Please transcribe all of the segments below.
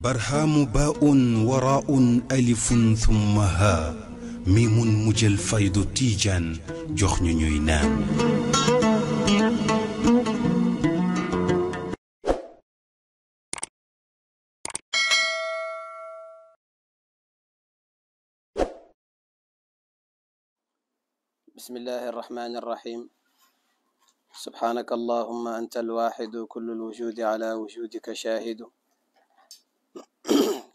برهام باء وراء ألف ثم ها ميم مجل فيض تيجا جخن نينام بسم الله الرحمن الرحيم سبحانك اللهم أنت الواحد كل الوجود على وجودك شاهد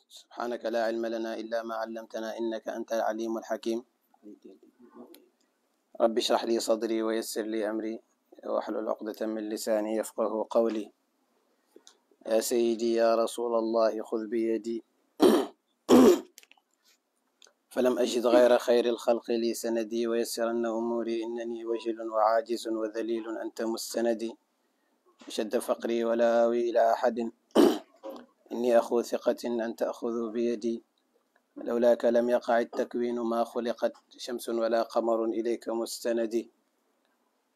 سبحانك لا علم لنا إلا ما علمتنا إنك أنت العليم الحكيم رب اشرح لي صدري ويسر لي أمري واحلل عقدة من لساني يفقه قولي يا سيدي يا رسول الله خذ بيدي فلم أجد غير خير الخلق لي سندي ويسرن أموري إنني وجل وعاجز وذليل أنت مستندي شد فقري ولا آوي إلى أحد إني أخو ثقة أن تأخذوا بيدي لولاك لم يقع التكوين ما خلقت شمس ولا قمر إليك مستندي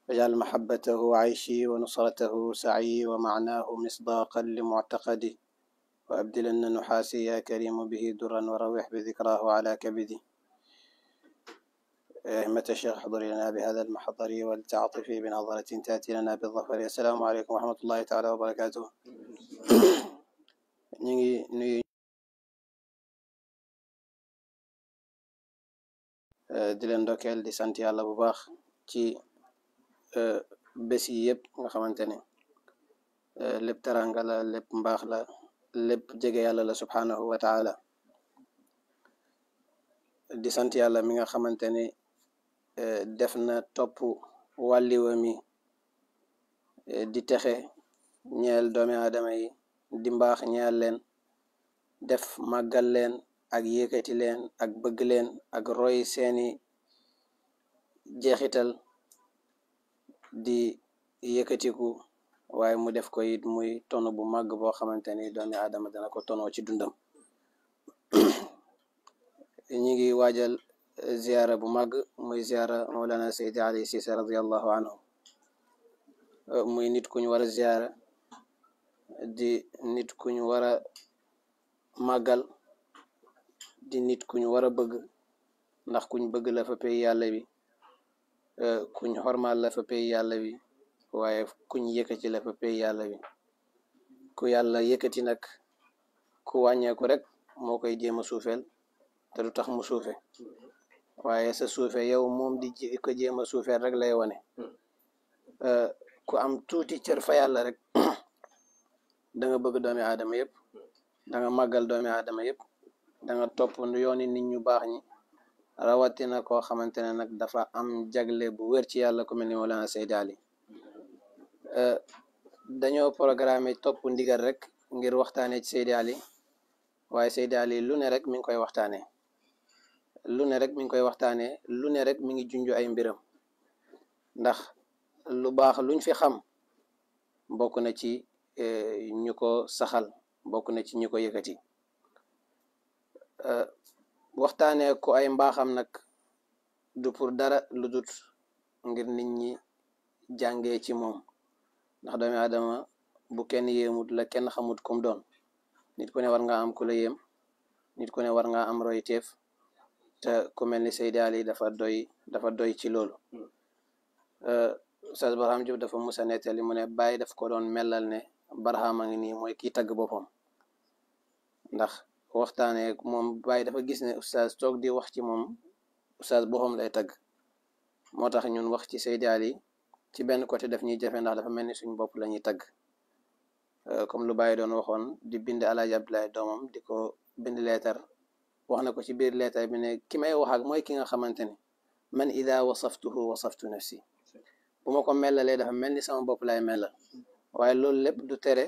فاجعل محبته عيشي ونصرته سعي ومعناه مصداقا لمعتقدي وأبدلن نحاسي يا كريم به درا وروح بذكراه على كبدي يا الشيخ حضري لنا بهذا المحضر ولتعاطفي بنظرة تأتي لنا بالظفر السلام عليكم ورحمة الله تعالى وبركاته ñu ngi nuyu di leen dokkeel di sant yàlla bu baax ci e, bés yi yëpp nga xamante ne e, lépp teranga lépp mbaax la lépp jege yàlla la subhaanahu wa di sant yàlla mi nga xamante ne e, def na topp wàlliwa mi di texe ñeel doomi aadama yi di mbaax ñaal leen def màggal leen ak yëkkati leen ak bëgg leen ak roy seeni jeexital di yëkkatiku waaye mu def ko it muy ton bu màgg boo xamante ni doomi aadama dana ko tono ci dundam ñi ngi waajal ziyaara bu màgg muy ziyaara Mawlana Seydi Ali Cissé radiallahu anhu muy nit ku ñu war di nit kuñ wara màggal di nit kuñ wara bëgg ndax kuñ bëgg la fa pey yàlla bi eh, kuñ xormal la fa pey yàlla bi waaye kuñ yëkkati la fa pey yàlla bi ku yàlla yëkkati nag ku wàññeeku rek moo koy jéem a suufeel te du tax mu suufe waaye sa suufe yow moom di ko jém a suufeel rek lay wane eh, ku am tuuti cër fa yàlla rek danga bëgg doomi aadama yëpp danga nga màggal doomi aadama yëpp da nga topp yooni nit ñu baax ñi rawatina koo xamante ne nag dafa am jagle bu wér ci yàlla ku mel ni Mawlana Seydi Ali euh, dañoo programme topp ndigal rek ngir waxtaanee ci Seydi Ali waaye Seydi lu ne rek mi ngi koy waxtaanee lu ne rek mi ngi koy waxtaanee lu ne rek mi ngi junj ay mbiram ndax lu baax luñ fi xam bokk na ci Eh, ñu ko saxal bokk na ci ñu ko yëkkati eh, waxtaanee ko ay mbaaxam nag du pour dara lu dut ngir nit ñi jàngee ci moom ndax doomi aadama bu kenn yéemut la kenn xamut kum doon nit ku ne war nga am ku la nit ku ne war nga am royteef te ku mel ni Seydi Ali dafa doy dafa doy ci loolu Oustaz eh, Barham Diop dafa musa nettali mu ne bàyyi daf ko doon melal ne barhama ngi nii mooy kii tagg boppam ndax waxtaanee moom Baye dafa gis ne oustaz toog di wax ci moom oustaz boppam lay tagg moo tax ñun wax ci Seydi Ali ci benn côté daf ñuy jafe ndax dafa mel ni suñ bopp la ñuy tagg euh, comme lu Baye doon waxoon di bind Alaaji Abdoulaye doomam di ko bind leetar wax na ko ci biir leetar bi ki may wax ak mooy ki nga xamante ne man ida wasaftuhu wasaftu nafsi bu ma ko melalee dafa mel ni sama bopp lay melal waaye loolu lépp du tere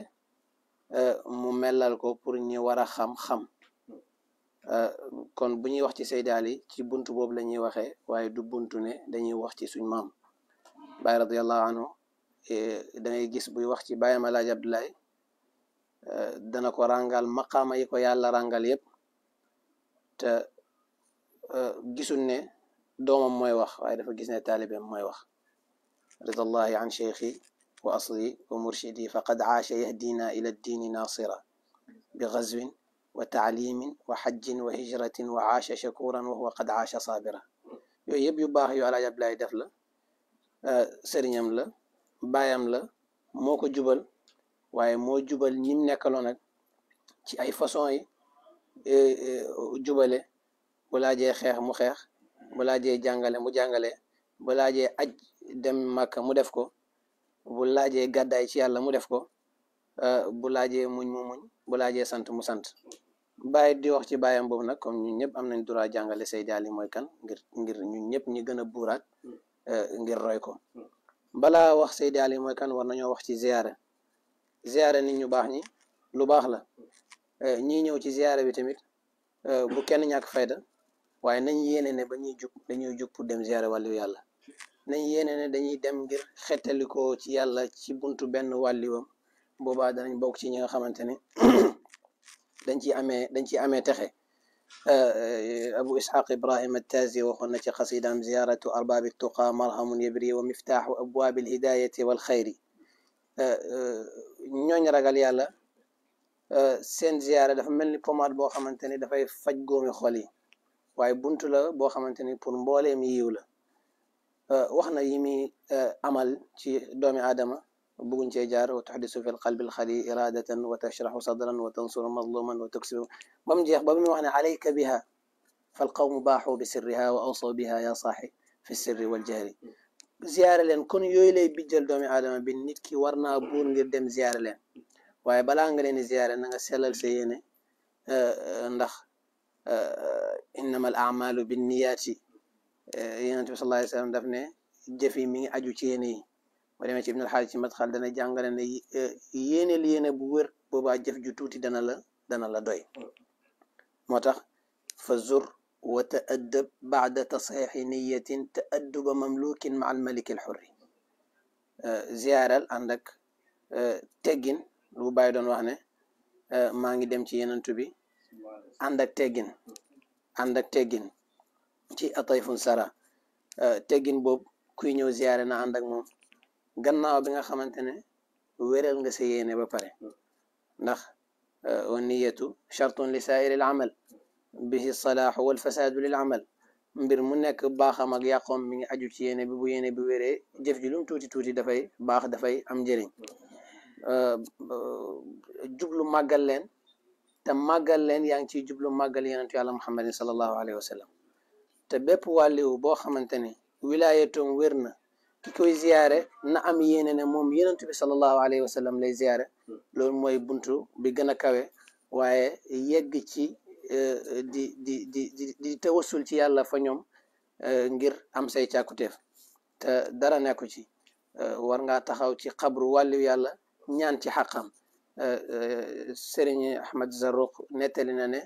euh, mu melal ko pour ñi war a xam-xam euh, kon bu ñuy wax ci Seydi Ali ci bunt boobu la ñuy waxee waaye du buntu ne dañuy wax ci suñ maam Baay radiyallahu anhu eh, da ngay gis buy wax ci Baay Malaaj Abdoulaye euh, dana ko ràngal maqaama yi ko yàlla ràngal yëpp te gisul ne doomam mooy wax waaye dafa gis ne taalibeem mooy wax ridallahi an cheikhi وأصلي ومرشدي فقد عاش يهدينا إلى الدين ناصرا بغزو وتعليم وحج وهجرة وعاش شكورا وهو قد عاش صابرا يويب يباه على جبل دفلا سرنيم لا بايم لا موكو جبل واي مو جبل نيم نيكالون تي اي فاصون جبل ولا جي خيخ مو ولا جي جانغالي مو ولا جي اج دم مكه مو bu laajee gàddaay ci yàlla mu def ko euh, bu laajee muñ mu muñ bu laajee sant mu sant bàyyi di wax ci baayam boobu nag comme ñun ñëpp am nañ droit jàngale Seydi Ali kan ngir ngir ñun ñëpp ñi gën a buuraat euh, ngir roy ko balaa wax Seydi Ali mooy kan war nañoo wax ci ziyaare ziyaare nit ñu baax ñi lu baax la euh, ñii ñëw ci ziyaare bi tamit bu kenn ñàkk fayda waaye nañ yéene ne ba ñuy jug dañuy jug pour dem ziyaare wàllu yàlla نيينا داني دم غير خيتاليكو تي يالا تي بونتو بن واليوم بوبا داني بوك تي نيغا خامتاني دنجي امي دنجي امي تخي ابو اسحاق ابراهيم التازي وخنا تي قصيده زياره ارباب التقى مرهم يبري ومفتاح ابواب الهدايه والخير ñoñ ragal yalla euh sen ziyara dafa melni pomade bo xamanteni da fay faj gomi xoli waye buntu la bo xamanteni pour mbolem yiwu la wax na yi muy amal ci doomi aadama bëgguñ cee jaar wa tuxdisu fi lqalbi alxali iradatan wa tashraxu sadran wa tansuru mazluman wa tuksibu ba mu jeex ba mu wax ne alayka biha falqawmu baaxu bi sirriha wa awsaw biha ya saaxi fi sirri waljahri ziyaare leen kon yooyu lay bijjal doomi aadama bi nit ki war naa buur ngir dem ziyaare leen waaye balaa nga leen di ziyaare na nga sellal sa yéene ndax innama al amalu binniyaati yonent bi sallallahu alayhi wasallam daf ne jëf yi mi ngi aju ci yéene yi ba demee ci ibn al-Hajj ci madxal dana jàngale ne yéeneel yéene bu wér boobaa jëf ju tuuti dana la dana la doy moo tax fa zur wa ta'addab ba'da tasxiixi niyatin ta'adduba mamlukin ma al malik al xurri ziyaaral ànd ak teggin lu bàyyi doon wax ne maa ngi dem ci yenentu bi ànd ak teggin ànd ak teggin ci atayfun sara eh, tegin boobu kuy ñëw ziyaare na ànd ak moom gannaaw bi nga xamante ne wéral nga sa yéene ba pare ndax eh, wa niyatu chartun li saairi l amal bihi salaaxu wal fasaadu lil amal mbir mu nekk baaxam ak yàqoom mi ngi aju ci yéene bi bu yéene bi wéree jëf ji lum tuuti tuuti dafay baax dafay am njëriñ eh, jublu màggal leen te màggal leen yaa ngi ciy jublu màggal yonentu yàlla muhammadin sallallahu alayhi wa sallam te bépp wàlliwu boo xamante ne wilaayatoom wér na ki koy ziyaare na am yéene ne moom yenentu bi sallallahu alayhi wa sallam lay ziyaare loolu mooy buntu bi gën a kawe waaye yegg ci e, e, di di di di di ci yàlla fa ñoom e, ngir am say càkkuteef te dara nekku ci war ngaa taxaw ci xabru wàlliw yàlla ñaan ci xàqam sëriñ Ahmad Zarruq nettali na ne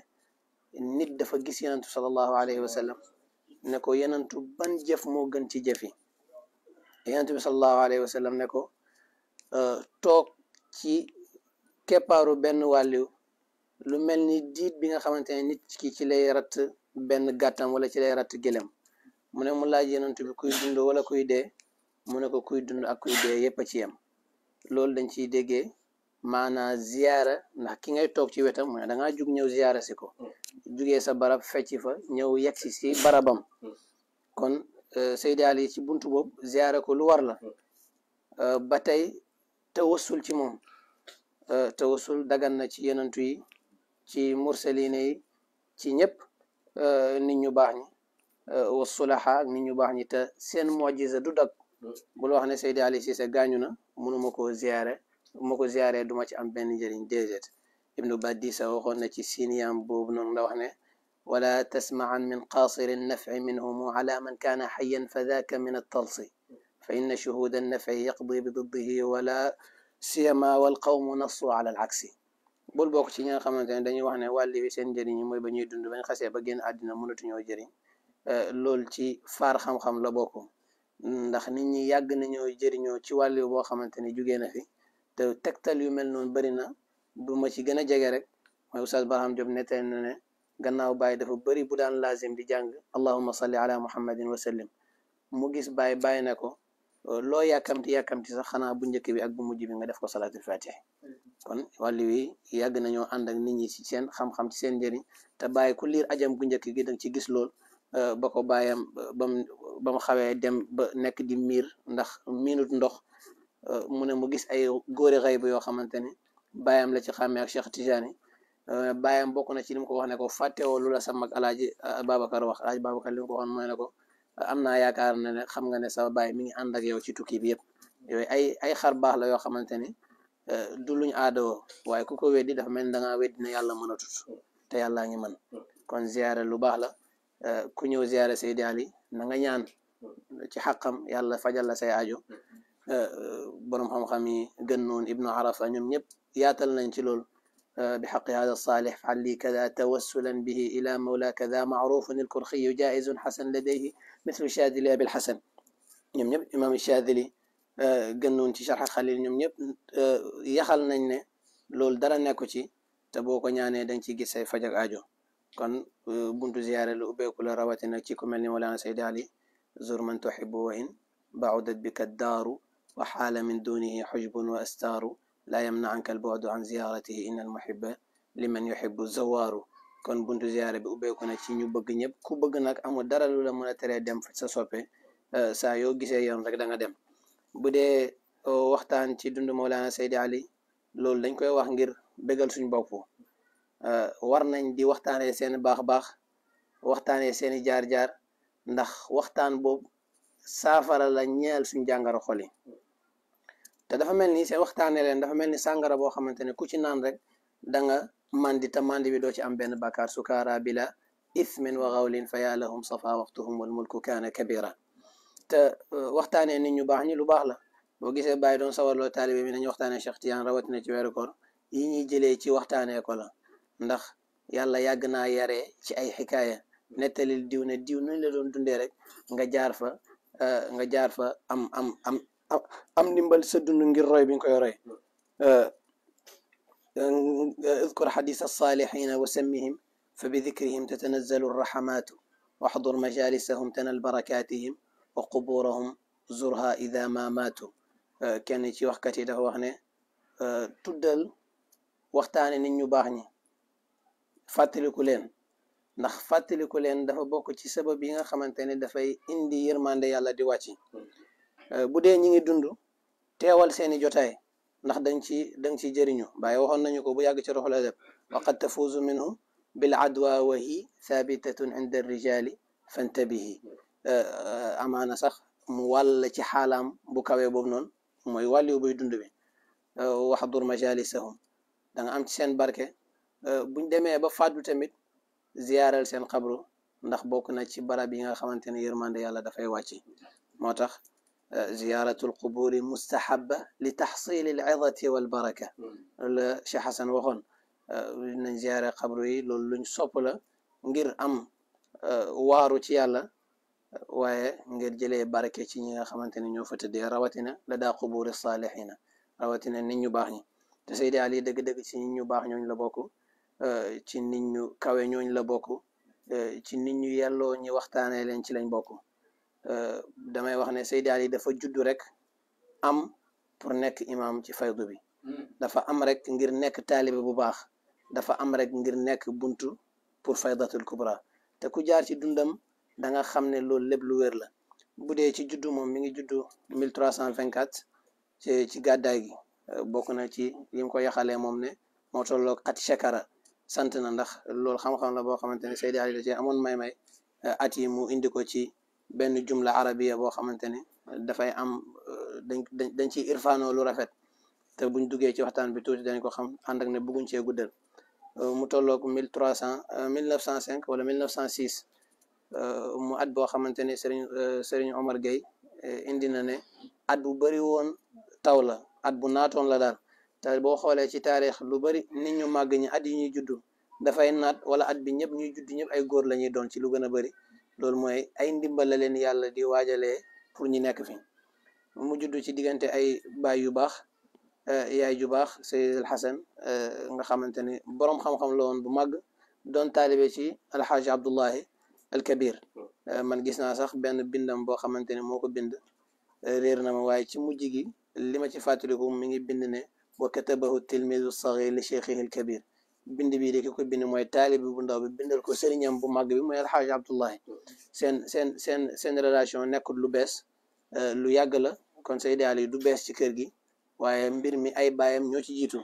nit dafa gis yenentu sallallahu alayhi wa sallam ne ko yenantu ban jëf moo gën ci jëf yi yenantu bi sallallahu alayhi wa ne ko euh, toog ci keppaaru benn wàlliw lu mel ni diit bi nga xamante ne nit ki ci lay ratt benn gàttam wala ci lay ratt gëlem mu ne mu laaj yenantu bi kuy dund wala kuy dee mu ne ko kuy dund ak kuy dee yépp a ci yem loolu dañ ci déggee maanaa ziyaara ndax ki ngay toog ci wetam mu ne da ngaa jug ñëw ziyaara si ko mm. jugee sa barab fecc fa ñëw yegsi si barabam mm. kon euh, Seydi Ali ci buntu boobu ziyaara ko lu war la mm. euh, ba tey tawassul ci moom euh, tawassul dagan na ci yenantu yi ci mursalina yi ci ñëpp nit ñu bax ñi wa sulaha ak ñu baax ñi te seen mojisa du dog bul wax ne Seydi Ali si sa gaañu na mënuma ko ziyaare moko ziare duma ci am benn njëriñ déedéet ibnu badisa waxoon na ci siniyam boobu noonu la wax ne wala tasma'an min qaasiri nafci minhum ala man kaana xayan fa daaka min altalsi fa inna shuhuda nafci yaqdi bi diddihi wala siyama walqawmu nasu ala alaksi bul bokk ci ñi nga xamante ne dañuy wax ne wàlli wi seen njëriñ yi mooy ba ñuy dund bañ xasee ba génn àddina mënatuñoo jëriñ loolu ci faar xam-xam la bokk ndax nit ñi yàgg nañoo jëriñoo ci wàllu boo xamante ne jugee na fi te teg tegtal yu mel noonu bëri na bu ma ci gën a jege rek mooy Oustaz Barham Diop nettali na ne gannaaw Baay dafa bëri bu daan laazim di jàng allahumma salli ala muhammadin wa sallim mu gis Baay Baay na ko loo yàkkamti yàkkamti sax xanaa bu njëkk bi ak bu mujj bi nga def ko salaatul fatiha kon wàllu wi yàgg nañoo ànd ak nit ñi ci seen xam-xam ci seen njëriñ te bàyyi ku liir ajam bu njëkk gi danga ci gis lool ba ko bàyyam bam ba mu xawee dem ba nekk di miir ndax miinut ndox Euh, mu ne mu gis ay góori xayb yoo xamante ne bàyyam la ci xàmmee ak Cheikh Tidiane euh, bàyyam bokk na ci li ko wax ne ko fàttewoo lu la sa mag alaaji euh, Babacar wax alaaji Babacar li mu ko waxoon mooy ne ko am naa yaakaar ne ne xam nga ne sax baay mi ngi ànd ak yow ci tukki bi yëpp yooyu ay ay xar baax la yoo xamante ni du luñ aado waaye ku ko weddi dafa mel ni da ngaa weddi ne yàlla mën tut te yàlla ngi mën kon ziare lu baax la ku ñëw ziare Seydi Ali na nga ñaan ci xàqam yàlla fajal la say aajo Eh, eh, borom xam-xam yi gën noon ibnu arafa ñoom ñëpp yaatal nañ ci lool eh, bi xaqi hada saalix faal li kada tawassulan bihi ila mawla kada maarufun alkurxiyu jaizun xasan ladayhi mithlu shaadili abil xasan ñoom ñëpp imam shaadili gën noon ci sharxa xalil ñoom ñëpp yaxal nañ ne loolu dara nekku ci te boo ko ñaanee dañ ciy gis say ajo kon buntu ziyaare lu ubbeeku la rawatina ci ku mel ni Mawlana Seydi Ali zur man tuhibu wa in baudat bika daaru وحال من دونه حجب وأستار لا يمنعنك البعد عن زيارته إن المحب liman yuhibbu zawaaru kon buntu ziyaare bi ubbeeku na ci ñu bëgg ñëpp ku bëgg nag amul dara lu la mën a teree dem sa soppe saa yoo gisee yoon rek da nga dem bu dee waxtaan ci dund Mawlana Seydi Ali loolu dañ koy wax ngir bégal suñ bopp war nañ di waxtaanee seen baax baax waxtaanee seeni jaar-jaar ndax waxtaan boobu saafara la ñeel suñ jàngaro xol yi te dafa mel ni seen waxtaanee leen dafa mel ni sàngara boo xamante ne ku ci naan rek da nga mandi te mandi bi doo ci am benn bakkaar sukaara bila ithmin wa gawlin fa yàlla lahum safa waxtuhum wal mulku kaana kabira te uh, waxtaanee nit ñu baax ñi lu baax la boo gisee bàyyi doon sawarloo taalibe bi nañu waxtaanee Cheikh Tidiane rawatina ci weeru koor yi ñuy jëlee ci waxtaanee ko la ndax yàlla yàgg naa yare ci ay xikaaya nettalil diw ne diw nuñ la doon dundee rek nga jaar fa uh, nga jaar fa am أم نمبل سدن نجر راي بينك يا راي أه، أه، اذكر حديث الصالحين وسمهم فبذكرهم تتنزل الرحمات واحضر مجالسهم تنال بركاتهم وقبورهم زرها إذا ما ماتوا أه، كان يتي وقت إذا هو هنا تدل وقتاني ننيو باغني فاتلي كلين نخ فاتلي كلين دفا بوكو تي سببين خمانتيني دفا اندي يرمان دي يالا دي واتي Euh, bu dee ñi ngi dund teewal seeni jotaay ndax dañ ci dañ ci jëriñu bàyyi waxoon nañu ko bu yàgg ci roxul adab wa qad tafuuzu minhu bil adwa wa hi thabitatun inda rijali fantabihi euh, amaana sax mu wàll ci xaalaam bu kawee boobu noonu mooy wàllu buy dund bi euh, waxdur majalisahum da nga am ci seen barke buñ demee ba fàddu tamit ziyaaral seen xabru ndax bokk na ci barab yi nga xamante ne yërmande yàlla dafay wàcc moo tax ziyaaratul quburi mustahabba li taxsil al izati wal baraka hmm. la Cheikh Hassan waxoon euh, nañ ziyaare xabru yi loolu luñ sopp la ngir am euh, waaru ci yàlla waaye ngir jëlee barke ci ñi nga xamante ne ñoo fa tëddee rawatina la daa quburi saalihina rawatina nit ñu baax ñi te Seydi Ali dëgg-dëgg ci nit ñu baax ñooñ la bokk euh, ci nit ñu kawe ñooñ la bokk ci nit ñu yelloo ñi waxtaanee leen ci lañ bokk Euh, damay wax ne Seydi Ali dafa juddu rek am pour nekk imam ci faydu bi hmm. dafa am rek ngir nekk taalibe bu baax dafa am rek ngir nekk bunt pour faydatul kubra te ku jaar ci dundam da nga xam ne loolu lépp lu wér la bu dee ci juddu moom mi ngi juddu mille cent vingt ci ci gàddaay gi euh, bokk na ci li mu ko yaxalee moom ne moo tolloog at shakara sant na ndax loolu xam-xam la boo xamante ne Seydi Ali da ci amoon may-may euh, at yi mu indi ko ci benn jumla arabiya boo xamante ne euh, dafay am euh, dañ dañ ciy irfaanoo lu rafet te buñ duggee ci waxtaan bi tuuti dañ ko xam ànd ak ne bëgguñ cee guddal euh, mu tolloog mille trois cent mille neuf cent cinq wala mille neuf cent six mu at boo xamante ne Serigne Serigne Omar Gueye indi na ne at bu bëri woon taw la at bu naatoon la daal te boo xoolee ci taarix lu bëri nit ñu màgg ñi at yi ñuy juddu dafay naat wala at bi ñëpp ñuy juddu ñëpp ay góor la ñuy doon ci lu gën a bëri loolu mooy ay ndimbal leen yàlla di waajalee pour ñu nekk fi mu judd ci diggante ay baay yu baax euh, yaay ju baax Seyd al euh, nga xamante ne boroom xam-xam la woon bu màgg doon taalibe ci alxaaji Abdullahi al Kabir euh, man gis naa sax benn bindam boo xamante ne moo bind réer na ma waaye ci mujj gi li ma ci fàttaliku mu ngi bind ne wa katabahu tilmidu sagir li cheikhihi al Kabir bind bii de ko bind mooy taalibi bu ndaw bi bindal ko sëriñam bu màgg bi mooy alxaaj abdullahi seen seen seen seen relation nekkul lu bees euh, lu yàgg la kon Seydi Ali du bees ci kër gi waaye mbir mi ay baayam ñoo ci jiitu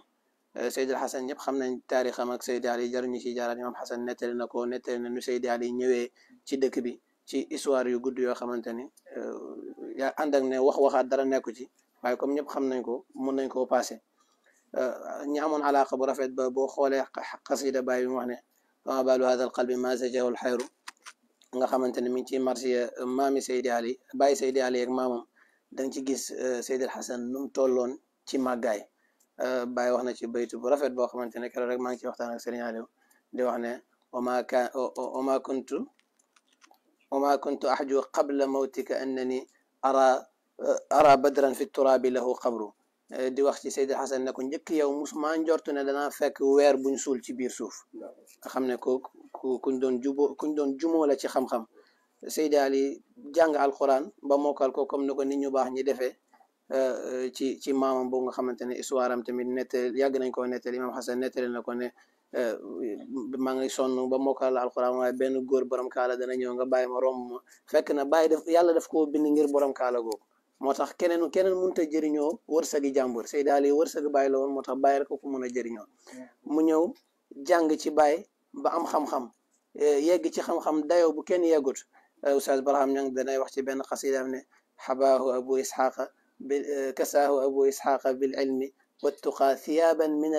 euh, Seydi Xasan ñëpp xam nañ taarixam ak Seydi Ali jaruñu ci jaaraat imaam Xasan nettali na ko nettali na nu Seydi Ali ñëwee ci dëkk bi ci histoire yu guddi yoo xamante ni euh, yaa ànd ak ne wax waxaat dara nekku ci waaye comme ñëpp xam nañ ko mun nañ koo passé ñi amoon alaaka bu rafet ba boo xoolee xasida bàyyi bi mu wax ne ma baalu hada al qalbi ma zajahu al xayru nga xamante ne mi ngi ci marché maami Seydi Ali bàyyi Seydi Ali ak maamam da nga ci gis Seydi al Xasan nu mu tolloon ci màggaay bàyyi wax na ci baytu bu rafet boo xamante ne keroog rek maa ngi ci waxtaan ak Serigne Aliou di wax ne wama ka wama kuntu wama kuntu ahju qabla mawtika annani ara ara badran fi turaabi lahu qabru di wax ci Seydi Xasan ne ko njëkk yow musuma njortu ne danaa fekk weer buñ suul ci biir suuf nga xam ne ko kuñ doon jubo kuñ doon jumoo ci xam-xam Seydi Ali jàng alquran ba mokkal ko comme ni ko nit ñu baax ñi defee euh, ci ci maamam boobu nga xamante ne histoire tamit nettali yàgg nañ ko nettali imam Xasan nettali na ko ne euh, maa ngi sonn ba mokkal alquran waaye benn góor borom kaala dana ñëw nga bàyyi ma romb fekk na bàyyi def yàlla daf koo bind ngir borom kaala googu moo tax keneen keneen mënut a jëriñoo wërsëgi jàmbur say daal yi wërsëgi bàyyi la woon moo tax bàyyi rek ko mën a jëriñoo mu ñëw jàng ci bàyyi ba am xam-xam eh, yegg ci xam-xam dayoo bu kenn yeggut eh, Oustaz Barham Ñang danay wax ci benn xasidaam ne xabaahu abu isxaaqa bi eh, kasaahu abu isxaaqa bil ilmi wattuqaa thiyaaban min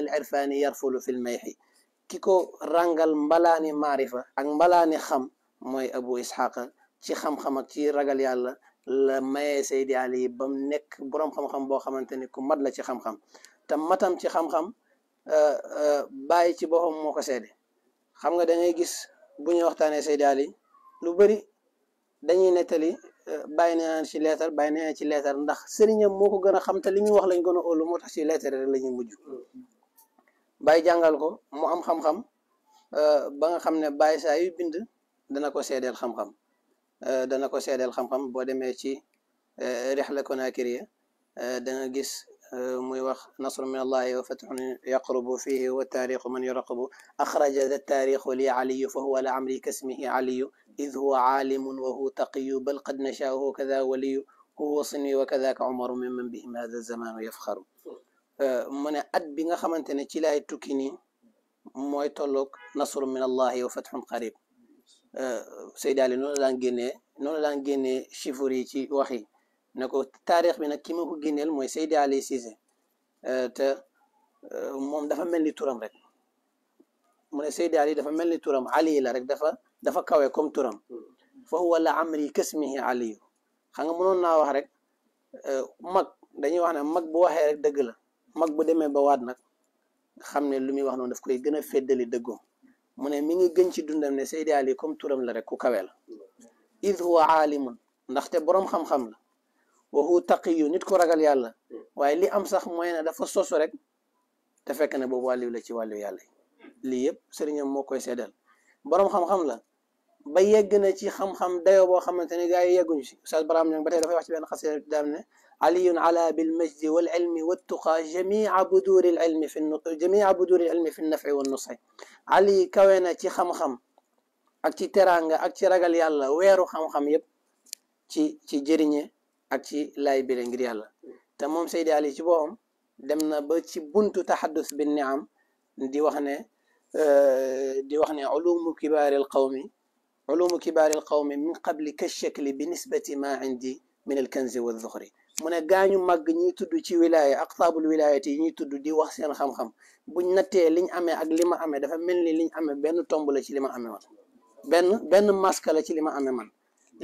ki ko ràngal mbalaani maarifa ak mbalaani xam mooy abu isxaaqa ci xam-xam ak ci ragal yàlla la mayee Seydi Ali ba nekk boroom xam-xam boo xamante ni ku mat la ci xam-xam te matam ci xam-xam euh, euh, bàyyi ci boppam moo ko seede xam nga da gis bu ñuy waxtaanee Seydi Ali lu bëri dañuy nettali euh, bay naa ci leetar bàyyi ci leetar ndax sëriñam moo ko gën a xam te li ñuy wax lañ gën a óolu moo tax ci leetar rek la ñuy mujj jàngal ko mu am xam-xam ba nga xam ne bàyyi saa yu bind dana ko seedeel xam-xam. dana ko seedeel xam-xam bo deme ci rihla rixla konakiriya danga gis muy wax nasr min allah wa fatxun yaqrubu fihi wa tariq man yuraqibu axraja da tariq li ali fa huwa la amri kasmihi ali id huwa aalimun wa hu taqiyu bal qad nashaahu kada waliyu huwa sinwi wa kadaka umaru mimman bihim hada zamanu yafxaru mu ne at bi nga xamante ne ci laay tukki nii mooy tolloog min allahi wa fatxun qarib Euh, Seydi Ali noonu la daan génnee noonu la daan génnee yi ci wax yi ne ko tarix bi nag ki ma ko génneel mooy Seydi Ali Cissé euh, te euh, moom dafa mel ni turam rek mu ne Seydi Ali dafa mel ni turam Ali la rek dafa dafa kawe comme turam fa huwa la amri kasmihi Ali xam nga mënoon naa wax rek mag dañuy wax na mag bu waxee rek dëgg la mag bu demee ba waat nag xam ne lu muy wax noonu daf koy gën a féddali dëggoom mu ne mi ngi gën ci dundam ne Seydi Ali comme turam la rek ku kawe la id huwa aalimun ndaxte boroom xam-xam la wa huwa nit ku ragal yàlla waaye li am sax mooy ne dafa sosu rek te fekke ne boobu wàlliw la ci wàllu yàlla lii yëpp sëriñam moo koy seddal borom xam-xam la بيجنا شيء خم خم دايو بو خم تاني جاي يجون شيء أستاذ برامج يعني بتعرف واحد بين خسر دامنا علي على بالمجد والعلم والتقى جميع بدور العلم في النط جميع بدور العلم في النفع والنصح علي كوينا شيء خم خم أكتي تران أكتي رجل يلا ويرو خم خم يب شيء شيء جرينة أكتي لاي بيرنجري يلا تمام سيدي علي شو بهم دمنا بتشي بنتو تحدث بالنعم دي وحنا دي وحنا علوم كبار القومي علوم كبار القوم من قبل كالشكل بنسبة ما عندي من الكنز والذخري من غاني ماغ ني تود شي ولايه اقطاب الولايه ني تود دي واخ سين خام خام بو نتي لي امي اك لي ما امي دا ملني لي امي بن تومب لا شي لي ما امي وات بن بن ماسك لا شي لي ما امي مان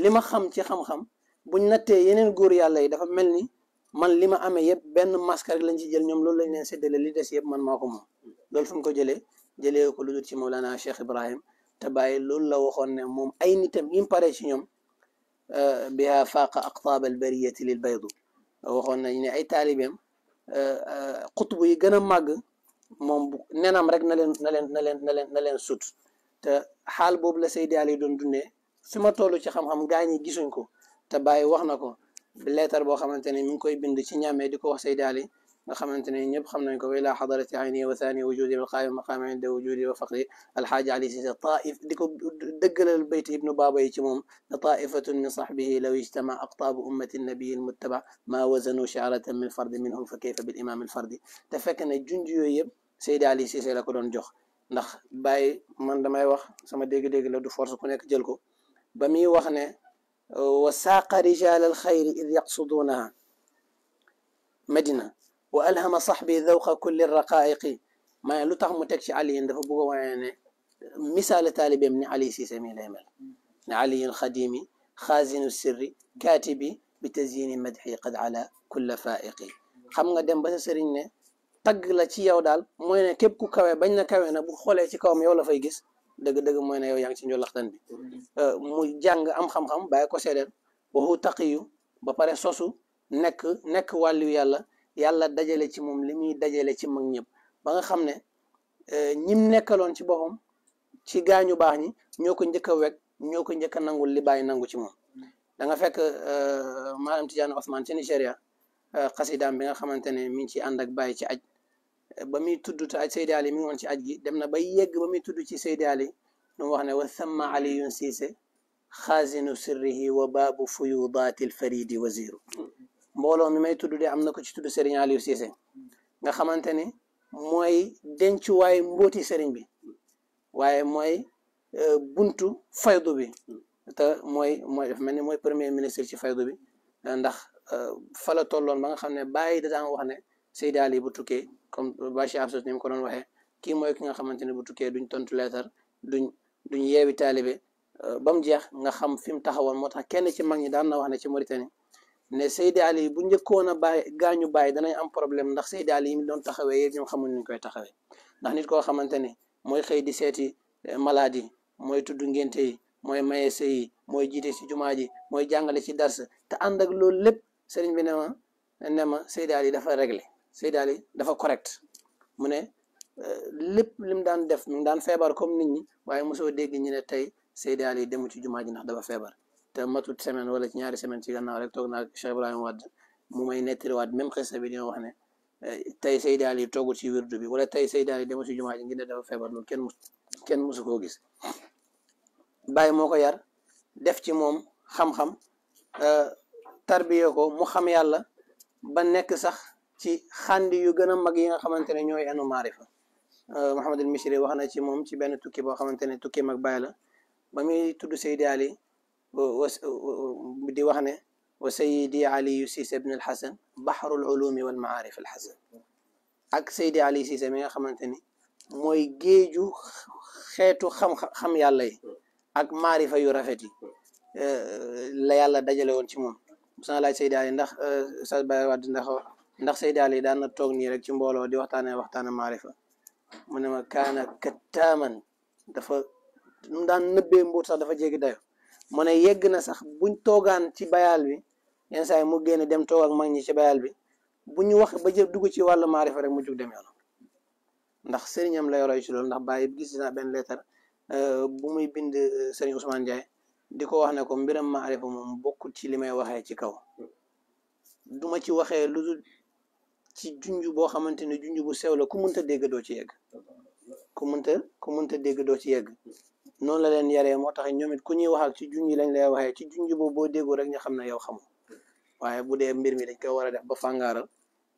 لي ما خام شي خام خام بو نتي يينن غور يالله دا ملني مان لي ما امي ييب بن ماسك لا نجي جيل نيوم لول لا نين سيدل لي ديس ييب مان ماكو مو لول فم كو جيلي جيلي كو لودو شي مولانا شيخ ابراهيم te bàyyi loolu la waxoon ne moom ay nitam yim pare ci ñoom euh, biha faaqa aqtaab albariyati lil baydu waxoon nañ ne ay taalibeem euh, euh, xutbu yi gën a màgg moom bu nenam rek na leen na leen na leen na leen na leen sut te xaal boobu la Seydi Ali doon dundee fi ma toll ci xam-xam gaa ñi gisuñ ko te bàyyi wax na ko leetar boo xamante ne mi ngi koy bind ci ñàmmee di ko wax Seydi Ali خمنتني نيب خمنا نكو إلى حضرة عيني وثاني وجودي بالقائم مقام عند وجودي وفقري الحاج علي سيسي الطائف ديكو دقل البيت ابن بابا يتموم طائفة من صحبه لو اجتمع أقطاب أمة النبي المتبع ما وزنوا شعرة من فرد منهم فكيف بالإمام الفردي تفكن الجنجيو يب سيد علي سيسي لكلون جوخ ndax bàyyi man damay wax sama dégg-dégg la du force ku nekk jël ko ba muy wax ne wa saaqa rijaal alxayri id yaqsuduunaha wa alhama sahbi zawqa kulli raqaiqi maanaam lu tax mu teg ci aliyin dafa bëgg a wane ne misaale taalibeem ni ali Cissé mi lay mel ne aliyul xadimi xaazinu sirri kaatibi bi tazyini madxi qad ala kulla faiqi xam nga dem ba sa sëriñ ne tagg la ci yow daal mooy ne képp ku kawe bañ na kawe na bu xoolee ci kawam yow la fay gis dëgg-dëgg mooy ne yow yaa ngi ci njolaxtan bi mu jàng am xam-xam bàyyi ko seedeel waxu taqiyu ba pare sosu nekk nekk wàllu yàlla yàlla dajale ci moom li muy dajale ci mag ñëpp ba nga xam ne eh, ñim nekkaloon ci boppam ci gaañu baax ñi ñoo ko njëkk a wekk ñoo ko njëkk a nangul li bàyyi nangu ci moom da nga fekk eh, maanaam Tidiane Ousmane ci Nigéria eh, xasidaam bi nga xamante ne mi ngi ci ànd ak bàyyi ci aj ba muy tudd te aj Seydi Ali woon ci aj gi dem na ba yegg ba ci Seydi Ali mu wax ne wa thamma aliyun siise xaazinu sirrihi wa baabu fuyudaati alfaridi waziru mbooloo mi may tudd de am na ko ci tudd Serigne Aliou Cissé nga xamante ni mooy dencuwaay mbóoti sëriñ bi waaye mooy euh, buntu faydu bi mooy mooy dafa mel ni mooy premier ministre ci faydu bi ndax euh, fa la tolloon ba nga xam ne bàyyi da daan wax ne Seydi Ali bu tukkee comme Bachir Absos ni mu ko doon waxee kii mooy ki nga xamante ne bu tukkee duñ tontu leetar duñ duñ yeewi taalibe euh, ba mu jeex nga xam fi mu taxawoon moo tax kenn ci mag ñi daan na wax ne ci Mauritanie ne Seydi Ali bu njëkkoon a bàyyi gaañu bàyyi danañ am problème ndax Seydi Ali yi doon taxawee yëpp ñoom xamuñ koy taxawee ndax nit koo xamante ne mooy xëy di seeti eh, malade mooy tudd ngénte yi mooy maye sëy mooy jiite ci jumaa ji mooy jàngale ci dars te ànd ak loolu lépp sëriñ bi ne ma ne ma Ali dafa réglé Seydi Ali dafa correct mu ne eh, lépp lim daan def mi daan feebar comme nit ñi waaye mosoo dégg ñu ne tey Seydi Ali demu ci jumaa ji ndax dafa feebar te matut semaine wala ci ñaari semaine ci gannaaw rek toog naag Cheikh Ibrahima Wade mu may nettaliwaat même xista bi dima wax ne eh, tey say daal yi toogu ci wirdu bi wala tey say daal yi dema si jumaa ngi ngir ne dafa feebar loolu kenn mus kenn musu koo gis bàyyi moo ko yar def ci moom xam-xam eh, tarbiye mu xam yàlla ba nekk sax ci xandi yu gën a mag yi nga xamante ne ñooy enu maarifa eh, Mouhamadul Misri wax na ci moom ci benn tukki boo xamante ne tukki mag bàyyi la ba muy tudd Seydi Uh, uh, di wax ne wa sayidi aliyu siise ibn alxasan baxrul ulumi ak sayidi ali siise mi nga xamante ni mooy géeju xeetu xam xam yàlla ak marifa yu rafet yi euh, la yàlla dajale woon ci moom sana laaj sayidi ali ndax euh, sa bayi wàdd ndax ndax sayidi ali daan na toog nii rek ci mbooloo di waxtaane waxtaane maarifa mu ne ma kaana kattaaman dafa mu daan nëbbee mbuur dafa jéggi mu ne yegg na sax buñ toogaan ci bayal bi yenn saa yi mu génn dem toog ak mag ñi ci bayal bi bu ñu wax ba jël dugg ci wàllu maarifa rek mu jug dem yoonam ndax sëriñam lay roy ci loolu ndax bàyyi gis naa benn lettre euh, bu muy bind euh, sëriñ Ousmane Ndiaye di ko wax ne ko mbiram maarifa moom bokkul ci li may waxee ci kaw duma ci waxee lu dul ci junj boo xamante ne junj bu sew la ku mënta dégg doo ci yegg ku mënta ku mënta dégg doo ci yegg noonu la leen yaree moo tax ñoomit ku ñuy wax ak ci junj lañ la waxee ci junj boobu boo déggoo rek ñu xam ne yow xamu waaye bu dee mbir mi dañ koy war a def ba fàngaaral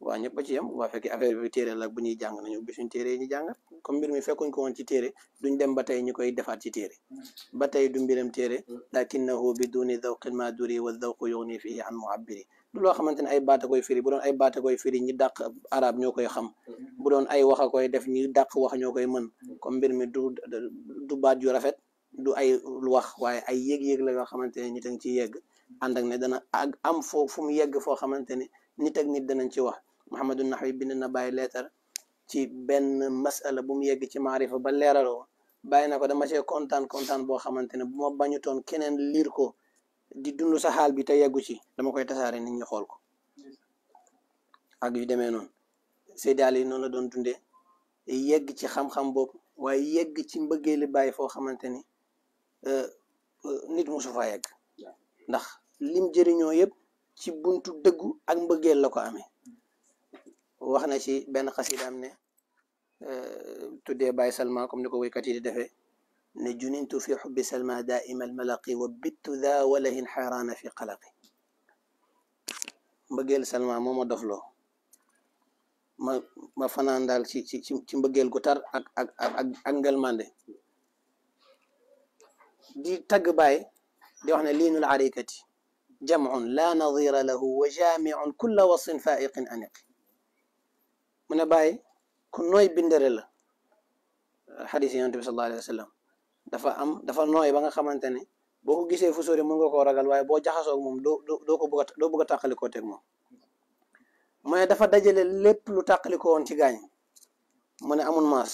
waa ñëpp a ci yem waa fekkee affaire bi téere la bu ñuy jàng nañu bisuñ téere yi ñu jàngat comme mbir mi fekkuñ ko woon ci téere duñ dem ba tey ñu koy defaat ci téere ba tey du mbiram téere lakinnahu bi duni dawqin ma duri wa dawqu yugni fihi an loo xamante ne ay baata koy firi bu doon ay baata koy firi ñi dàq araab ñoo koy xam bu doon ay wax a koy def ñi dàq wax ñoo koy mën comme mbir mi du du baat yu rafet du ay wax waaye ay yëg-yëg la yoo xamante ne nit a ngi ciy yegg ànd ak ne dana ak am foo fu mu yegg foo xamante ne nit ak nit danañ ci wax Muhammadu Nahwi bind na bàyyi leetar ci benn masala bu mu yegg ci maarifa ba leeraloo bàyyi na ko dama cee kontaan kontaan boo xamante ne bu ma bañutoon keneen liir ko di dund sa xaal bi te yeggu ci dama koy tasaare nit ñi xool ko ak yu demee noonu Seydi noonu la doon dundee yegg ci xam boobu waaye yegg ci mbëggee bàyyi foo xamante ni euh, euh, nit musu faa yegg ndax lim jëriñoo yëpp ci buntu dëggu ak mbëggeel la ko amee wax na ci benn xasidaam ne euh, tuddee Baye Salma comme ni ko woykat yi di defee ne junintu fi xubbi Salma daaima almalaqi wa bittu daa walahin xaaraana fi xalaqi mbëggeel Salma moo ma dofloo ma ma fanaan daal ci ci ci mbëggeel gu tar ak ak ak ak ngelmande di tagg Baye di wax na liinul arikati jamcun la nadira lahu wa jaamicun kulla wasin faiqin aniq mu ne bàyyi ku nooy bindere la xadis yi yonent bi sallallahu alayhi dafa am dafa nooy ba nga xamante ne boo ko gisee fu sori mun nga koo ragal waaye boo jaxasoo moom doo doo ko bëgg a teg moom mu ne dafa dajale lép lu tàqalikoo woon ci gaañ mu ne amul maas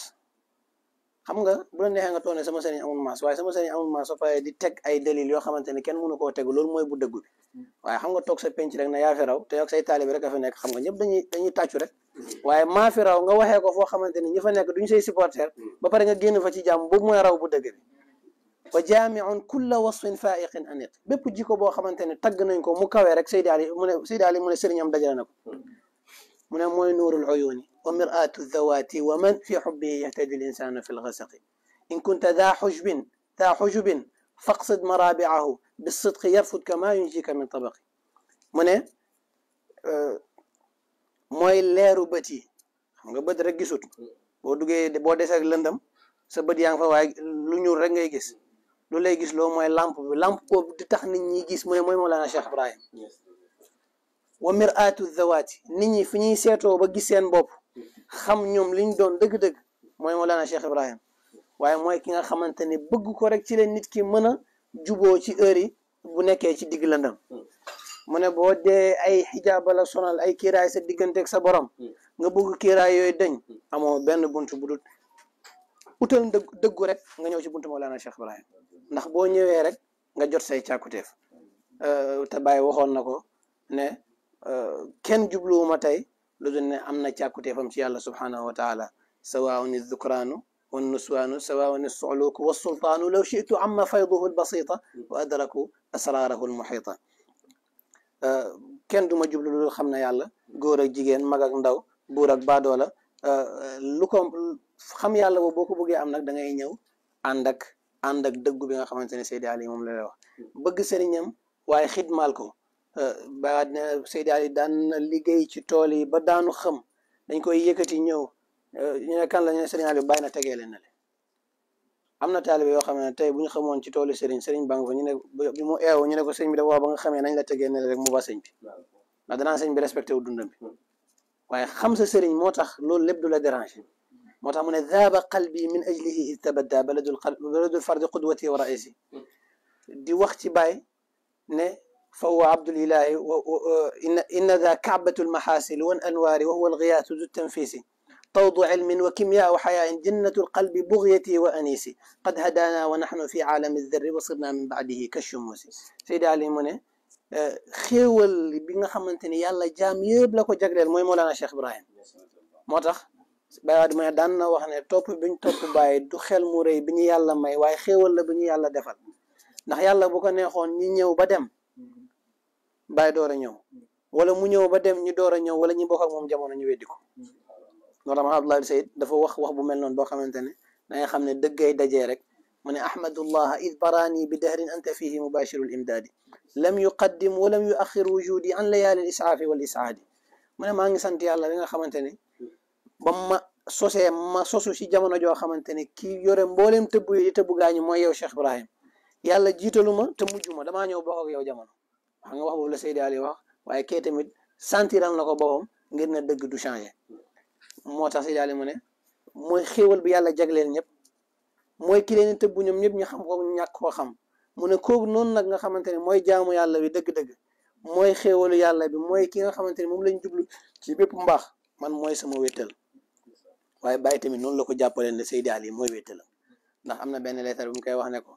xam nga bu la neexee nga toog ne sama sëriñ amul maas waaye sama sëriñ amul maas soo paree di teg ay dalil yoo xamante ne kenn mënu koo teg loolu mooy bu dëgg waye xam nga tok sa pench rek na ya fi raw te ak say talib rek fa nek xam nga ñëpp dañuy dañuy tàccu rek waye ma fi raw nga waxe ko fo xamanteni ni fa nek duñ say supporter ba pare nga génn fa ci jàmm bu moy raw bu deug bi wa jami'un kulla wasfin faiqin aniq bépp jiko bo xamanteni tag nañ ko mu kawé rek Seydi Ali mu ne Seydi Ali mu ne serignam dajale nako mu ne moy nurul uyuuni wa mir'atu dhawati wa man fi xubbihi yahtadi al-insanu fi lgasaqi in kunta dha hujbin daa hujbin faqsid marabi'ahu da bi sidqi yarfud kama yunjika min tabaqi mu ne mooy leeru bët yi xam nga bët rek gisut boo duggee boo desee ak lëndam sa bët yaa ngi fa waaye lu ñuul rek ngay gis lu lay gis loo mooy lampe bi lampe di tax nit ñi gis mu mooy Mawlana Cheikh Ibrahim wa miraatu zawaati nit ñi fi ñuy seetoo ba gis seen bopp xam ñoom liñ doon dëgg-dëgg mooy Mawlana Cheikh Ibrahim waaye mooy ki nga xamante bëgg ko rek ci leen nit ki mën a juboo ci heure yi bu nekkee ci digg landam mm. mu ne boo dee ay xijaaba la sonal ay kiiraay sa digganteeg sa borom mm. nga bëgg kiiraay yooyu dañ mm. amoo benn buntu bu dul utal dë dëggu rek nga ñëw ci buntu Mawlana Cheikh Ibrahim ndax boo ñëwee rek nga jot say càkkuteef euh, te bay waxoon na ko ne euh, kenn jubluwuma tey lu dul ne am na càkkuteefam ci yàlla subhanahu wa taala sawaaun izukraanu والنسوان سواء الصعلوك والسلطان لو شئت عم فيضه البسيط وأدركوا أسراره المحيطة kenn du ma jublu lu xam ne yàlla góor ak jigéen mag ak ndaw buur ak baadoo la lu ko xam yàlla boobu boo ko bëggee am nag da ngay ñëw ànd ak ànd ak dëggu bi nga xamante ne Seydi Ali moom la lay wax bëgg sëriñam waaye xidmaal ko ba Seydi Ali daan na liggéey ci tool yi ba daanu xam dañ koy yëkkati ñëw ñu ne kan la ñu sëriñ Aliou bayina na len na le amna talibé yo xamné tay buñu xamone ci tolu sëriñ sëriñ bang fa ñu ne bi mu éw ñu ne ko sëriñ bi da wax ba nga xamé nañ la tegee ne rek mu ba sëñ bi na danaa sëñ bi respecté wu dundam bi waye xam sa sëriñ motax tax loolu lépp du la dérangé moo mu ne daaba qalbi min ajlihi id tabadda baladul baladul fard qudwati wa raisi di wax ci bay ne فهو عبد الإله ilahi إن ذا كعبة المحاسن والأنوار وهو الغياث ذو التنفيس طوض علم وكيمياء وحياء جنة القلب بغيتي وأنيسي قد هدانا ونحن في عالم الذر وصرنا من بعده كالشموس سيدي علي موني آه، خيول بيغا خمنتني يلا جام ييب لاكو جاغريل موي مولانا شيخ ابراهيم موتاخ بعد ما دان واخنا توب بن توب باي دو خيل مو ري بني يلا ماي واي خيول لا بني يلا ديفال ناخ يلا بوكو نيهون ني نيو با ديم باي دورا نيو ولا مو نيو با ني دورا نيو ولا ني بوخ موم جامونو ني ويديكو moo tax Abdullah ibn Sayyid dafa wax wax bu mel noon boo xamante ne da xam ne dëggay dajee rek mu ne ahmadullah id baraani bi dahrin anta fihi mubashiru limdaadi lam yuqaddim wa yu yuaxir wujudi an layaali l isaafi wal isaadi mu ne maa ngi sant yàlla bi nga xamante ne ba ma sosee ma sosu si jamono joo xamante ne kii yore mbooleem tëbb yi di tëbb gaañu mooy yow Cheikh Ibrahim yàlla jiitalu ma te mujj ma damaa ñëw bokk ak yow jamono xam nga wax boobu wax waaye kee tamit sentiral na ko boppam ngir na dëgg du changé moo tax si daal mu ne mooy xéewal bi yàlla jagleel ñëpp mooy ki leen tëbb ñoom ñëpp ñu xam ko ñàkk koo xam mu ne kooku noonu nag nga xamante ne mooy jaamu yàlla bi dëgg-dëgg mooy xéewalu yàlla bi mooy ki nga xamante ne moom lañ jublu ci bépp mbaax man mooy sama wéttal waaye bàyyi tamit noonu la ko jàppaleen ne Seydi Ali mooy wéttalam ndax am na benn leetar bu mu koy wax ne ko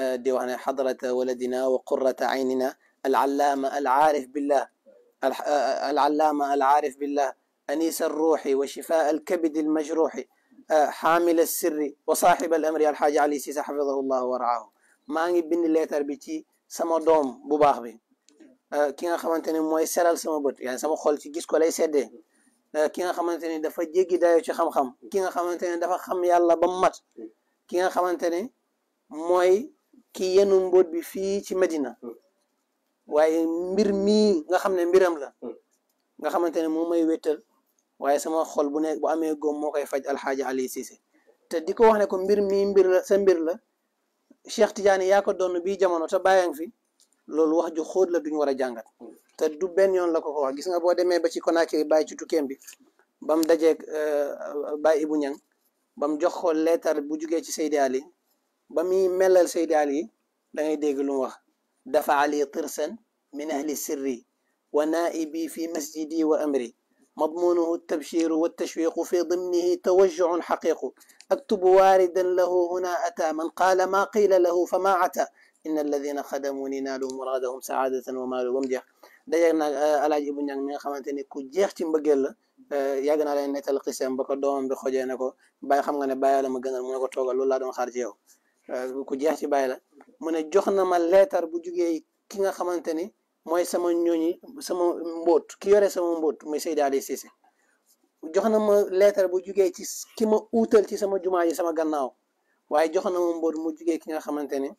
eh, di wax ne xadrata waladina wa qurrata aynina al allaama al aarif billah al eh, allaama al aarif billah أنيس الروح وشفاء الكبد المجروح آه، حامل السر وصاحب الأمر الحاج علي سيسا حفظه الله ورعاه ما بن الله تربيتي سما دوم بو باخ بي آه، كيغا خامتاني موي سيرال سما بوت يعني سما خول سي كولاي سيدي آه، كيغا خامتاني دا فا جيغي دايو سي خام خام كيغا خامتاني دا فا خام يالا با مات كيغا خامتاني موي كي ينوم بوت بي في سي مدينه واي مير مي غا خامني ميرام لا nga xamantene waaye sama xol bu nekk bu amee gom moo koy faj alxaaji ali Cissé te di ko wax ne ko mbir mi mbir sa mbir la Cheikh Tidiane yaa ko doon bii jamono te bàyyi fi loolu wax ju xóot la bi ñu war a jàngat te du benn yoon la ko ko wax gis nga boo demee ba ci Conakry baay ci tukkeem bi bam dajeeg euh, Baye Ibou Niang bam jox ko leetar bu jugee ci Seydi Ali ba muy melal Seydi Ali dangay ngay dégg lu wax dafa ali tirsan min ahli sirri wa naibi fi masjidi wa amri مضمونه التبشير والتشويق في ضمنه توجع حقيق أكتب واردا له هنا أتى من قال ما قيل له فما عتى إن الذين خدموني نالوا مرادهم سعادة ومال ومجح dajeeg nag alaaji Ibu Ñang mi nga xamante ni ku jeex ci mbëggeel la yàgg naa leen nettal xisam ba ko doomam bi xojee ne ko bàyyi xam nga ne bàyyi la ma gënal mu ne ko toogal loolu laa doon xaar ci yow euh, ku jeex ci bàyyi la mu ne jox na ma leetar bu jugee ki nga xamante ni mooy sama ñooñi sama mbóot ki yore sama mbóot muy Seydi Ali Cissé jox na ma lettre bu jugee ci ki ma uutal ci sama jumaa yi sama gannaaw waaye jox na ma mbóot mu jugee ki nga xamante ne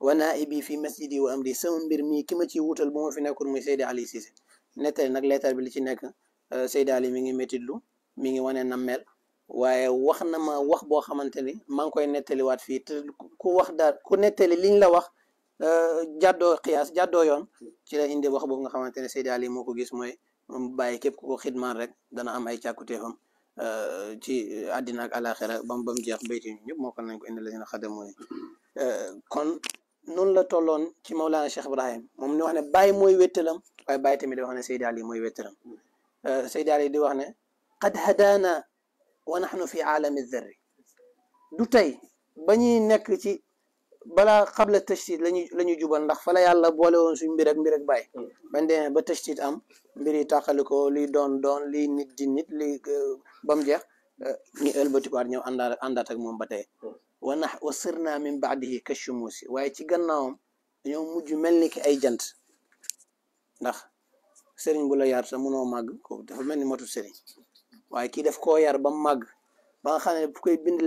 wa naibi fi masjidi wa amri sama mbir mii ki ma ciy wuutal bu ma fi nekkul muy Seydi Ali Cissé nettali nag bi li ci nekk euh, Seydi Ali mi ngi méttitlu mi ngi wane nammeel waaye wax na ma wax boo xamante ni maa ngi koy nettaliwaat fii te ku wax daal ku nettali liñ la wax Euh, jàddoo xiyaas jàddoo yoon ci la indi wax boobu nga xamante ne Seydi Ali moo ko gis mooy mu bàyyi képp ku ko xidmaan rek dana am ay càkkuteefam euh, ci àddina ak alaxira bam bam jeex bayti ñëpp moo ko nañ ko indi la dina xadam mooy euh, kon noonu la toloon ci Mawlana Cheikh Ibrahim moom ni wax ne bàyyi mooy wéttalam waaye bàyyi tamit di wax ne Seydi Ali mooy wéttalam Seydi Ali di wax ne qad hadaana wa nahnu fi aalami zarri du tey ba nekk bala xabla tashtiit lañuy la ñuy jubal ndax fa yàlla boole woon suñ mbir ak mbir ak bàyyi hmm. bañ demee ba tashtiit am mbir yi tàqaliko liy doon doon liy nit di nit li euh, ba mu jeex euh, ñu ëlbatikuwaat ñëw àndaa àndaat moom ba tey hmm. wa nax wa sirna min baadihi ka shumuusi waaye ci gannaawam dañoo mujj mel ni ki ay jant ndax sëriñ bu la yar sa munoo màgg ko mel ni motu sëriñ waaye kii daf koo yar ba mu ba nga xam ne bu koy bind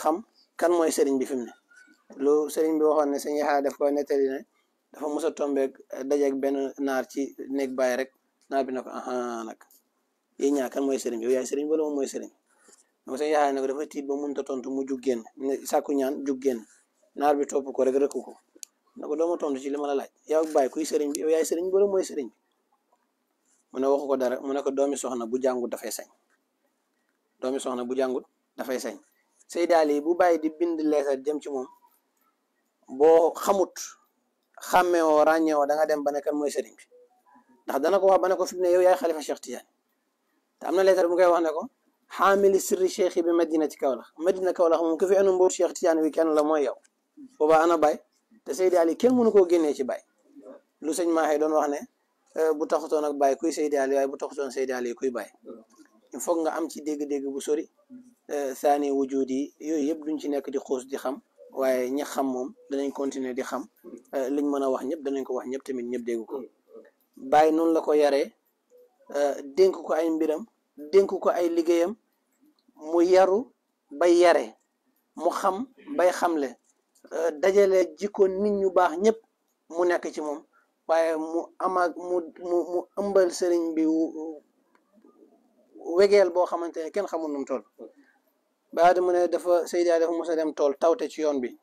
xam kan mooy sëriñ bi fi ne lu sëriñ bi waxoon ne sëñ yaxaa def ko nettali ne dafa mos a tombeeg dajeeg benn naar ci néeg bàyyi rek naar bi nako ko aha nag yéen ñaa kan mooy sëriñ bi yow yaay sëriñ wala moom mooy sëriñ donc sëñ yaxaa ne ko dafa tiit ba mënut tontu mu jug génn sàkku ñaan jug génn naar bi topp ko rek rëkku ko ne ko doo ma tontu ci li ma la laaj yow bàyyi kuy sëriñ bi yow yaay sëriñ wala mooy sëriñ bi mu ne waxu ko dara mu ne ko doomi soxna bu jàngut dafay sañ doomi soxna bu jàngut dafay sañ Seydi Ali bu bàyyi di bind leesar jëm ci moom boo xamut xàmmewoo ràññewoo da nga dem ba ne kan mooy sëriñ bi ndax dana ko wax ba ne ko fi mu ne yow yaay xalifa Cheikh Tidiane te na leesar bu koy wax ne ko xaamili sirri cheikh bi madina ci Kaolack madina Kaolack moom ku fi enu mbuur Cheikh Tidiane wi kenn la mooy yow boobaa ana bay te Seydi Ali kenn mënu koo génnee ci bay lu sëñ Maaxee doon wax ne eh, bu taxutoon ak bay kuy Seydi Ali bu taxutoon Seydi Ali kuy bay il faut nga am ci dégg-dégg bu sori Euh, saani wujud yi yooyu yëpp duñ ci nekk di xuus di xam waaye ñi xam moom danañ continuer di xam euh, liñ mën a wax ñëpp danañ ko wax ñëpp tamit ñëpp dégg ko bàyyi noonu la ko yaree euh, dénk ko ay mbiram dénk ko ay liggéeyam mu yaru bay yare mu xam bay xamle dajale jikko nit ñu baax ñëpp mu nekk ci moom waaye mu amaag mu mu mu sëriñ bi wegeel boo xamante ne kenn xamul nu mu baada mu ne dafa Seydi dafa mos a dem tool tawte ci yoon bi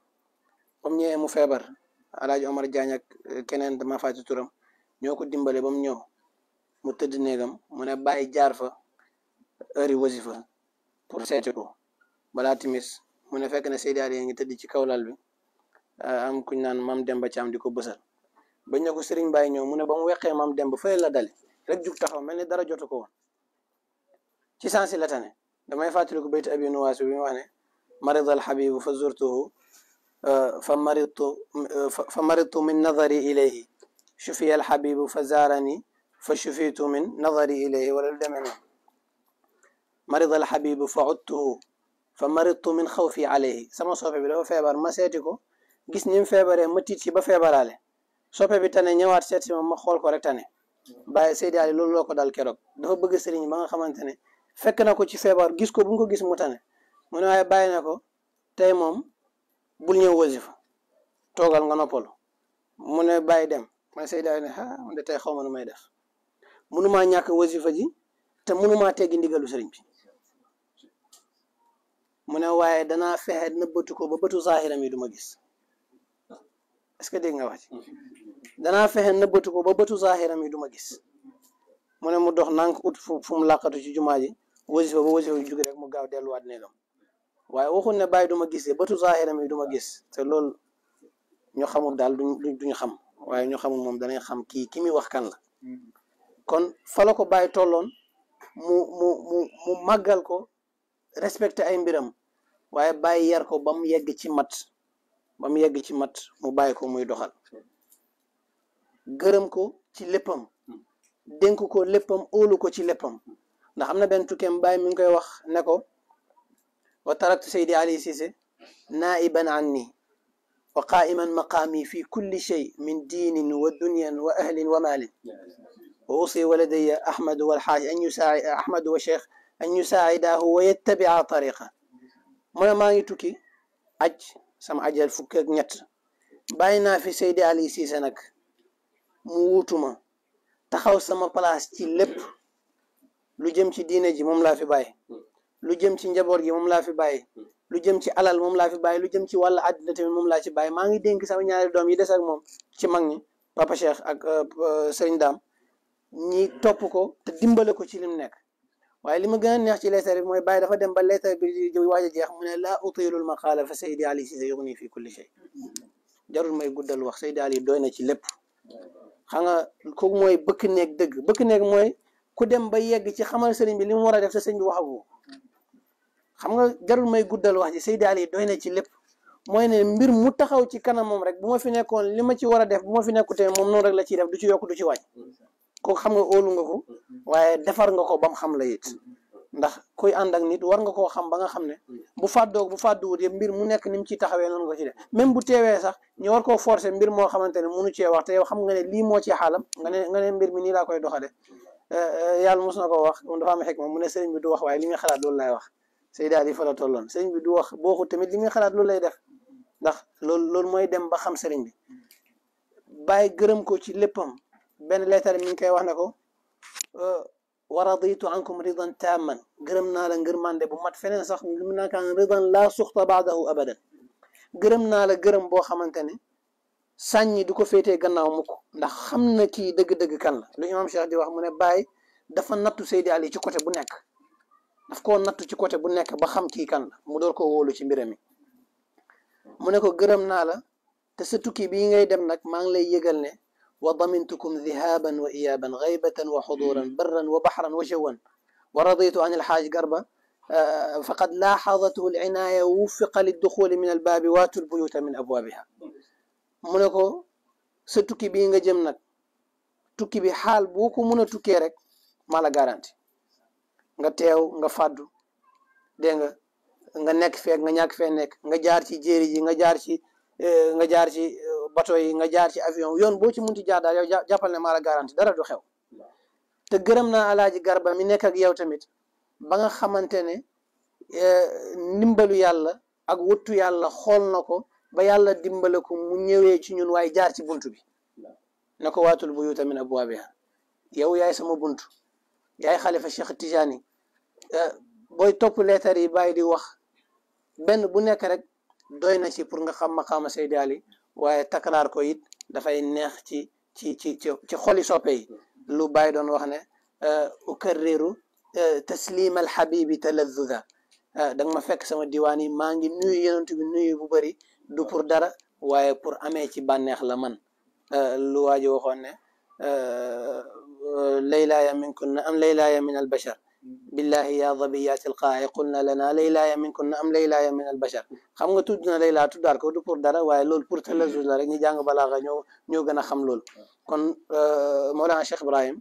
ba mu mu feebar alaaji Omar Diagne eh, keneen ma fàtte turam ñoo ko dimbale ba mu ñëw mu tëdd néegam mu ne bàyyi jaar fa heure yi wasifa pour seeti ko balaa timis mu ne fekkee na Seydi Aliou ngi tëdd ci kaw lal bi eh, am kuñ naan mam dem Demba Thiam di ko bësal bañ ne ko Serigne Baye ñëw mu ne ba mu weqee mam dem ba la dali rek jug taxaw mel ni dara jotu ko woon ci sensi la damay fàttali ko bayt abi nuwaas bi mu wax ne marid al xabibu fa zurtuhu fa maridtu fa maridtu min nadari ilayhi shufiya al xabibu fa zaarani fa shufitu min nadari ilayhi wala lu demee noonu marid al xabibu fa udtuhu fa maridtu min xawfi alayhi sama soppe bi dafa feebar ma seeti ko gis ni mu feebaree ma tiit ci ba feebaraale soppe bi tane ñëwaat seet si ma ma xool ko rek tane bàyyi Seydi Ali loolu loo ko dal keroog dafa bëgg sëriñ ba nga xamante ne fekk na ko ci feebar gis ko bu ko gis mu tane mu ne waaye bàyyi na ko tey moom bul ñëw wasifa toogal nga noppalu mu ne bàyyi dem man Seydou ne ah man de tey xaw ma nu may def mënumaa ñàkk wasifa ji te mënumaa teggi ndigalu sëriñ bi mu ne waaye danaa fexe nëbbatu ko ba bëtu zaahiram yi du ma gis est-ce que dégg nga wax ci danaa fexe nëbbatu ko ba bëtu zaahiram yi du ma gis mu ne mu dox nank ut fu mu làqatu ci jumaa ji wasifa ba wasifa bi jóge rek mu gaaw delluwaat neenam waaye waxul ne bàyyi du ma gisee bëtu zaahiram yi du ma gis te loolu ñu xamul daal duñ duñu xam waaye ñu xamul moom danañ xam kii ki muy wax kan la kon fa la ko bàyyi tolloon mu mu mu mu màggal ko respecté ay mbiram waaye bàyyi yar ko ba mu yegg ci mat ba mu yegg ci mat mu bàyyi ko muy doxal gërëm ko ci léppam hmm. dénk ko léppam óolu ko ci léppam ndax amna ben tukem bay mi ngi wax ne ko wa taraktu sayyidi Ali sisi naiban anni wa qaiman maqami fi kulli shay min dinin wa dunyan wa ahlin wa malin wa usi ahmad wal walxaaj an yusa'i ahmad wa shaykh an yusa'idahu wa yattabi'a tariqa mona ma ngi tukki aj sama ajal fuk ak ñet bayina fi sayyidi Ali sisi nak mu wutuma taxaw sama place ci lépp lu jëm ci diine ji moom laa fi bàyyi hmm. lu jëm ci njaboot gi moom laa fi bàyyi hmm. lu jëm ci alal moom laa fi bàyyi lu jëm ci wàllu àddina tamit moom laa ci bàyyi maa ngi dénk sama ñaari doom yi des ak moom ci mag ñi papa Cheikh ak euh, euh, sëriñ Daam ñi topp ko te dimbale ko ci li nekk waaye li ma gën a neex ci lettre mooy bàyyi dafa dem ba lettre bi di waaj jeex mu ne laa utilul maqaala fa Seydi Ali Cissé yughni fi kulli shay jarul may guddal wax Seydi Ali doy na ci lépp xam nga kooku mooy bëkk neeg dëgg ku dem ba yegg ci xamal sëriñ bi li mu war a def sa sëñ bi waxagu xam nga jarul may guddal wax ji Seydi Ali doy na ci lépp mooy ne mbir mu taxaw ci kanam moom rek bu ma fi nekkoon li ma ci war a def bu ma fi nekkute moom noonu rek la ciy def du ci yokk du ci wàññ kooku xam nga óolu nga ko waaye defar nga ko ba xam la it ndax kuy ànd ak nit war nga koo xam ba xam ne bu fàddoog bu fàdduwut yëpp mbir mu nekk ni mu ciy taxawee noonu nga ci def même bu teewee sax ñu war koo forcer mbir moo xamante ne munu cee wax te xam nga ne lii moo ci xaalam nga ne nga mbir mi nii laa koy doxale Eh, eh, yàlla mos na ko wax moom dafa am xekma mu ne bi du wax waaye li nga xalaat loolu lay wax say daal di fa la tolloon sëriñ bi du wax boo ko tamit li nga xalaat loolu lay def ndax loolu loolu mooy dem ba xam sëriñ bi bàyyi gërëm ko ci léppam benn leetar mi ngi koy wax ne ko euh, wa raditu ankum ridan tamman gërëm naa la ngërmande bu mat feneen sax lu mu naakaan ridan laa gërëm naa la gërëm boo xamante ne sañi du fété gannaaw muko ndax xamna ki deug deug kan la lu imam Cheikh di wax mu ne Baye dafa natou Seydi Ali ci côté bu nek daf ko natou ci côté bu nek ba xam ki kan la mu door ko wolu ci mbiram mi mu ne ko gërëm na la te sa tukki bi ngay dem nak ma ngi lay yëgal ne wa damintukum dhahaban wa iyaban ghaibatan wa huduran barran wa bahran wa jawan wa raditu an al alxaaj garba فقد لاحظته العناية ووفق للدخول من الباب وات البيوت من أبوابها mu ne ko sa tukki bii nga jëm nag tukki bi xaal boo ko mën a tukkee rek mala garanti nga teew nga fàddu dégg nga nga nekk feek nga ñàkk fee nekk nga jaar ci jéeri ji nga jaar ci eh, nga jaar ci eh, bateau yi nga jaar ci avion yoon boo ci munti jaar daal yow jàppal ne maa garanti dara du xew te gërëm naa alaaji garba mi nekk ak yow tamit ba nga xamante ne eh, ndimbalu yàlla ak wutu yàlla xool na ko ba yàlla dimbale ko mu ñëwee ci ñun waaye jaar ci bunt bi na ko waatul buyuuta min abwaabiha yow yaay sama bunt yaay xalifa Cheikh Tijaani eh, booy topp leetar yi bàyyi di wax benn bu nekk rek doy na ci pour nga xam maqaama Seydi Ali waaye takraar ko it dafay neex ci ci ci ci xoli soppe lu bay doon wax ne eh, ukarriru eh, taslim alxabibi taladduda da nga ma fekk sama diwaan maa ngi nuyu yonent bi nuyu bu bari du pour dara waaye pour amee ci bànneex la man euh, lu waa ji waxoon ne euh, laylaaya min kunna am laylaaya min albashar billahi ya dabiyaati alqaayi qulna lana laylaaya min kunna am laylaaya min albashar xam nga tudd na laylaa tuddaat ko du pour dara waaye loolu pour talazuz la rek ñi jàng balaaxa ñoo ñoo gën a xam loolu kon euh, Mawlana Cheikh Ibrahim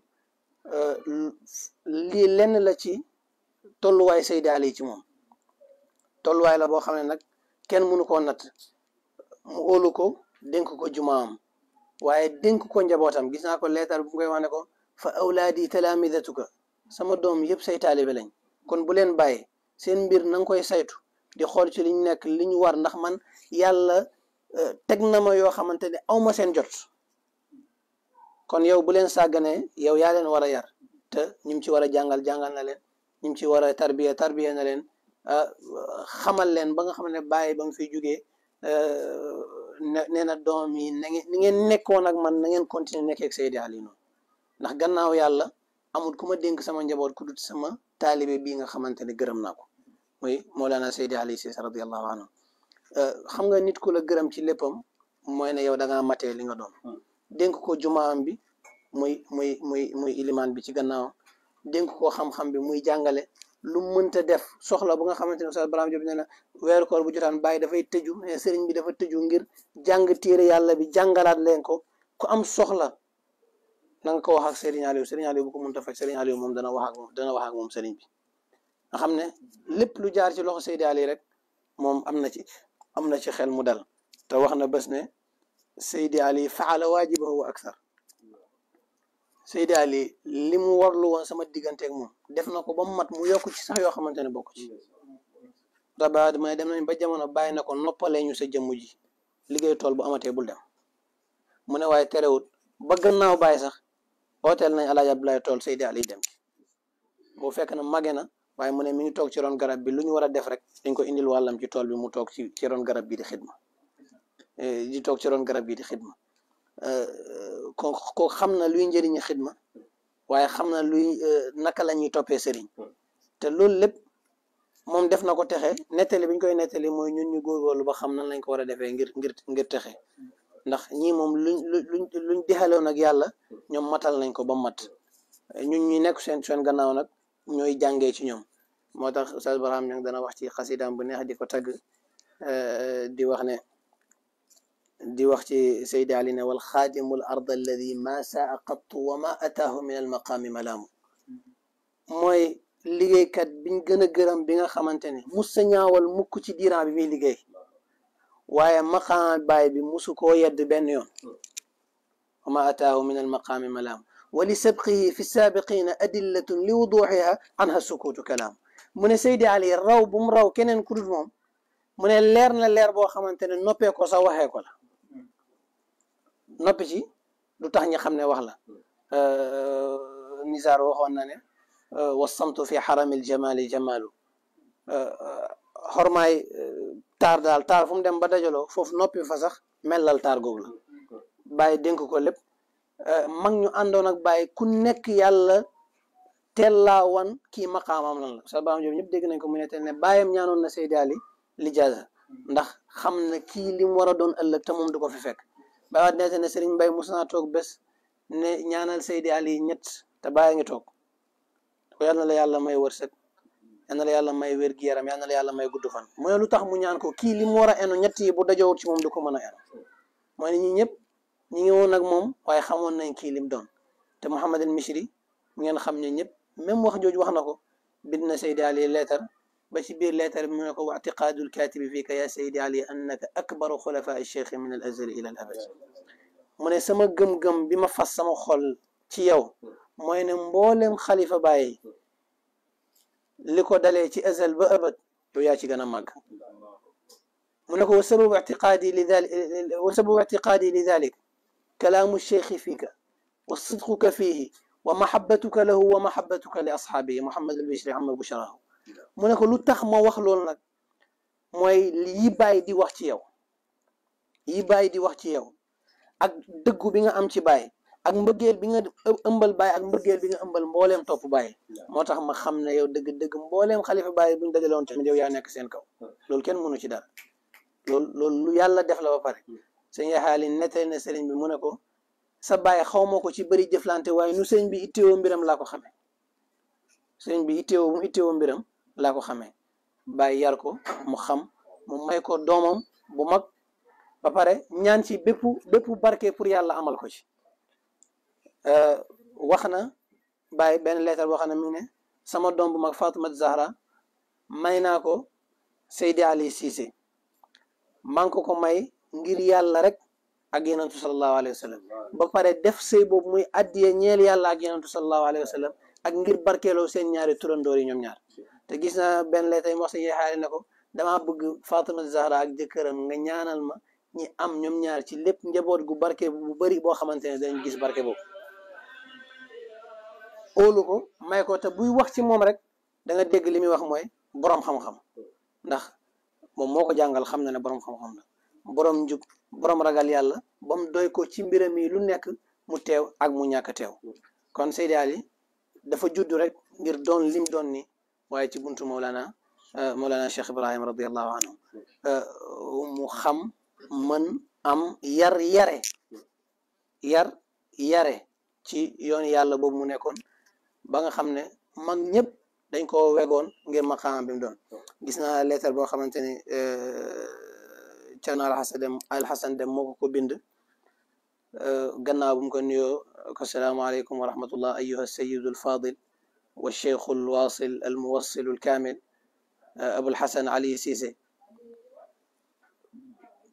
lii lenn la ci tolluwaay Seydi Ali ci moom tolluwaay la boo xam ne nag kenn mënu koo natt mu óolu ko dénk ko jumaam waaye dénk ko njabootam gis naa ko leetar bu koy wax ne ko fa awlaadi talaamidatuka sama doom yëpp say taalibe lañ kon bu leen bàyyi seen mbir na koy saytu di xool ci liñ nekk li ñu war ndax man yàlla e, teg na ma yoo xamante ne aw ma jot kon yow bu leen sàgganee yow yaa leen war a yar te ñim ci war a jàngal jàngal na leen ñim ci war a tarbiya tarbiya na leen ah, xamal leen ba nga xam ne bàyyi ba nga fiy jugee nee na doom yi na ni ngeen nekkoon ak man na ngeen continuer nekk ak Seydi ndax gannaaw yàlla amul ku ma dénk sama njaboot ku dut sama taalibe bii nga xamante ne gërëm naa ko muy Mawlana Seydi Ali Cissé radiyallahu anhu xam nga nit ku la gërëm ci léppam mooy ne yow da ngaa matee li nga doon dénk ko jumaam bi muy muy muy muy ilimaan bi ci gannaaw dénk ko xam-xam bi muy jàngale lu mënta def soxla bu nga xamante ne Oustaz Brahima Diop ne na weeru koor bu jotaan bàyyi dafay tëju sëriñ bi dafa tëju ngir jàng téere yàlla bi jàngalaat leen ko ku am soxla na ko wax ak sëriñ Aliou sëriñ Aliou bu ko mënta faj sëriñ Aliou moom dana wax ak moom ak moom sëriñ bi nga xam ne lépp lu jaar ci loxo Seydi Aliou rek moom am na ci am na ci xel mu dal te wax na bés ne Seydi Aliou faala waajibahu ak aksar Seydi Ali li mu warlu woon sama digganteeg moom def na ko ba mu mat mu yokk ci sax yoo xamante ne bokk ci rabaat may dem nañ ba jamono bàyyi na ko noppalee ñu sa jëmm ji liggéey tool bu amatee bul mu ne waaye terewut ba naaw bàyyi sax ooteel nañ Alaaji Abdoulaye tool Seydi Ali dem boo fekk na mage na waaye mu ne mi ngi toog ci ron garab bi lu ñu war a def rek dañ ko indil wàllam ci tool bi mu toog ci ci ron garab bi di xidma eh, di toog ci ron garab bi di xidma ko ko xam na luy njëriñu xidma waaye xam na luy euh, naka la ñuy toppee sëriñ te loolu lépp moom def na ko texe nettali bi ñu koy nettali mooy ñun ñu góorgóorlu ba xam nan lañ ko war a defee ngir ngir texe ndax ñii moom luñ luñ luñ dexaloon ak yàlla ñoom matal nañ ko ba mat ñun ñu nekk seen seen gannaaw nag ñooy jàngee ci ñoom moo tax Oustaz Barham ñangi dana wax ci xasidaam bu neex di ko tagg euh, di wax ne دي وقت سيد علينا والخادم الأرض الذي ما ساء قط وما أتاه من المقام ملام موي ليجي كات بين جنا جرام بين خمانتني مسنيا والمكتي دي رابي مي ليجي ويا مقام باي بمسكو يد بنيون وما أتاه من المقام ملام ولسبقه في السابقين أدلة لوضوحها عنها السكوت كلام من سيدي علي الروب مرو كنن كل من لير لير بو خمانتني نوبيكو سوا هيكولا noppi ci du tax ñi xam ne wax la euh, nisaar waxoon na ne euh, wasamtu fi xaramil jamali jamalu euh, xormaay taar daal taar fu mu dem ba dajaloo foofu noppi fa sax mellal taar googu la bàyyi dénk ko lépp mag ñu àndoon ak bàyyi ku nekk yàlla teel laa wan kii maqaamam lan la sa baam joob ñëpp dégg nañ ko mu ne te ne bàyyam ñaanoon na Seydi Ali ndax xam na kii li mu war a doon ëllëg te moom du ko fi fekk baawaat nee na Serigne Mbaye mos naa toog bés ne ñaanal Seydi Ali ñett te bàyyi ngi toog ko la yàlla may wërsëg yal na yàlla may wér-gu-yaram yal yàlla may gudd fan lu tax mu ñaan ko kii li mu war a eno ñett yi bu dajowut ci moom du ko mën a eno mooy ne ñi ñëpp ñi ngi woon ak moom waaye xamoon nañ kii lim doon te Mouhamed El Misri ngeen xam ne ñëpp même wax jooju wax na ko bind na Seydi Ali leetar باش بشبير لا منك اعتقاد الكاتب فيك يا سيدي علي أنك أكبر خلفاء الشيخ من الأزل إلى الأبد من يسمى قم قم بما فصم خل تيو ما ينبولم خليفة باي لكو دليتي أزل بأبد وياتي قنا مقا منك وسبب اعتقادي لذلك وسبب اعتقادي لذلك كلام الشيخ فيك وصدقك فيه ومحبتك له ومحبتك لأصحابه محمد البشري عم بشراه mu ne ko lu tax ma wax loolu nag mooy yi bàyyi di wax ci yow yi bàyyi di wax ci yow ak dëggu bi nga am ci baay ak mbëggeel bi nga ëmbal baay ak mbëggeel bi nga ëmbal mbooleem topp baay moo tax ma xam ne yow dëgg-dëgg mbooleem xalifa bàyyi bi ñu dajaloon tamit yow yaa nekk seen kaw loolu kenn mënu ci dara loolu loolu lu yàlla def la ba pare sëñ yaxaali nettali na sëriñ bi mu ne ko sa baay xaw ma ko ci bari jëflante waaye nu sëñ bi itteewoo mbiram laa ko xamee sëñ bi itteewoo mu itteewoo mbiram laa ko xamee bàyyi yar ko mu xam mu may ko doomam bu mag ba pare ñaan ci bépp bépp barke pour yàlla amal ko ci euh, wax na bàyyi benn leetar wax na mi ne sama doom bu mag Faatumata Zahra may naa ko Seydi Ali Cissé maa ngi ko ko may ngir yàlla rek agi yenentu sallallahu alayhi wa sallam ba pare def sëy boobu muy addiye ñeel yàlla ak yenentu sallallahu alayhi wa sallam ak ngir barkeeloo seen ñaari turandoor yi ñoom ñaar te gis na benn lettre yi wax si xaari ne ko damaa bëgg Fatima Zahra ak jëkkëram nga ñaanal ma ñi am ñoom ñaar ci lépp njaboot gu barke bu bëri boo xamante ne dañ gis barke boobu óolu ko may ko te wax ci moom rek da nga dégg li muy wax mooy boroom xam-xam ndax moom moo ko jàngal xam na ne boroom xam-xam la boroom njub boroom ragal yàlla ba doy ko ci mbiram yi lu nekk mu teew ak mu ñàkk teew kon Seydi dafa judd rek ngir doon lim doon ni waaye ci buntu Mawlana euh, Mawlana Cheikh Ibrahim radiallahu anhu euh, mu xam man am yar yare yar yare ci yoon yàlla boobu mu nekkoon ba nga xam ne mag ñëpp dañ ko wegoon ngir maqaama bi mu doon gis naa leetar boo xamante ni Cerno euh, Alxasan Dem Alxasan Dem moo ko ko bind gannaaw bu mu ko nuyoo ko salaamaaleykum wa rahmatullah ayyuha والشيخ الواصل الموصل الكامل آه، أبو الحسن علي سيسي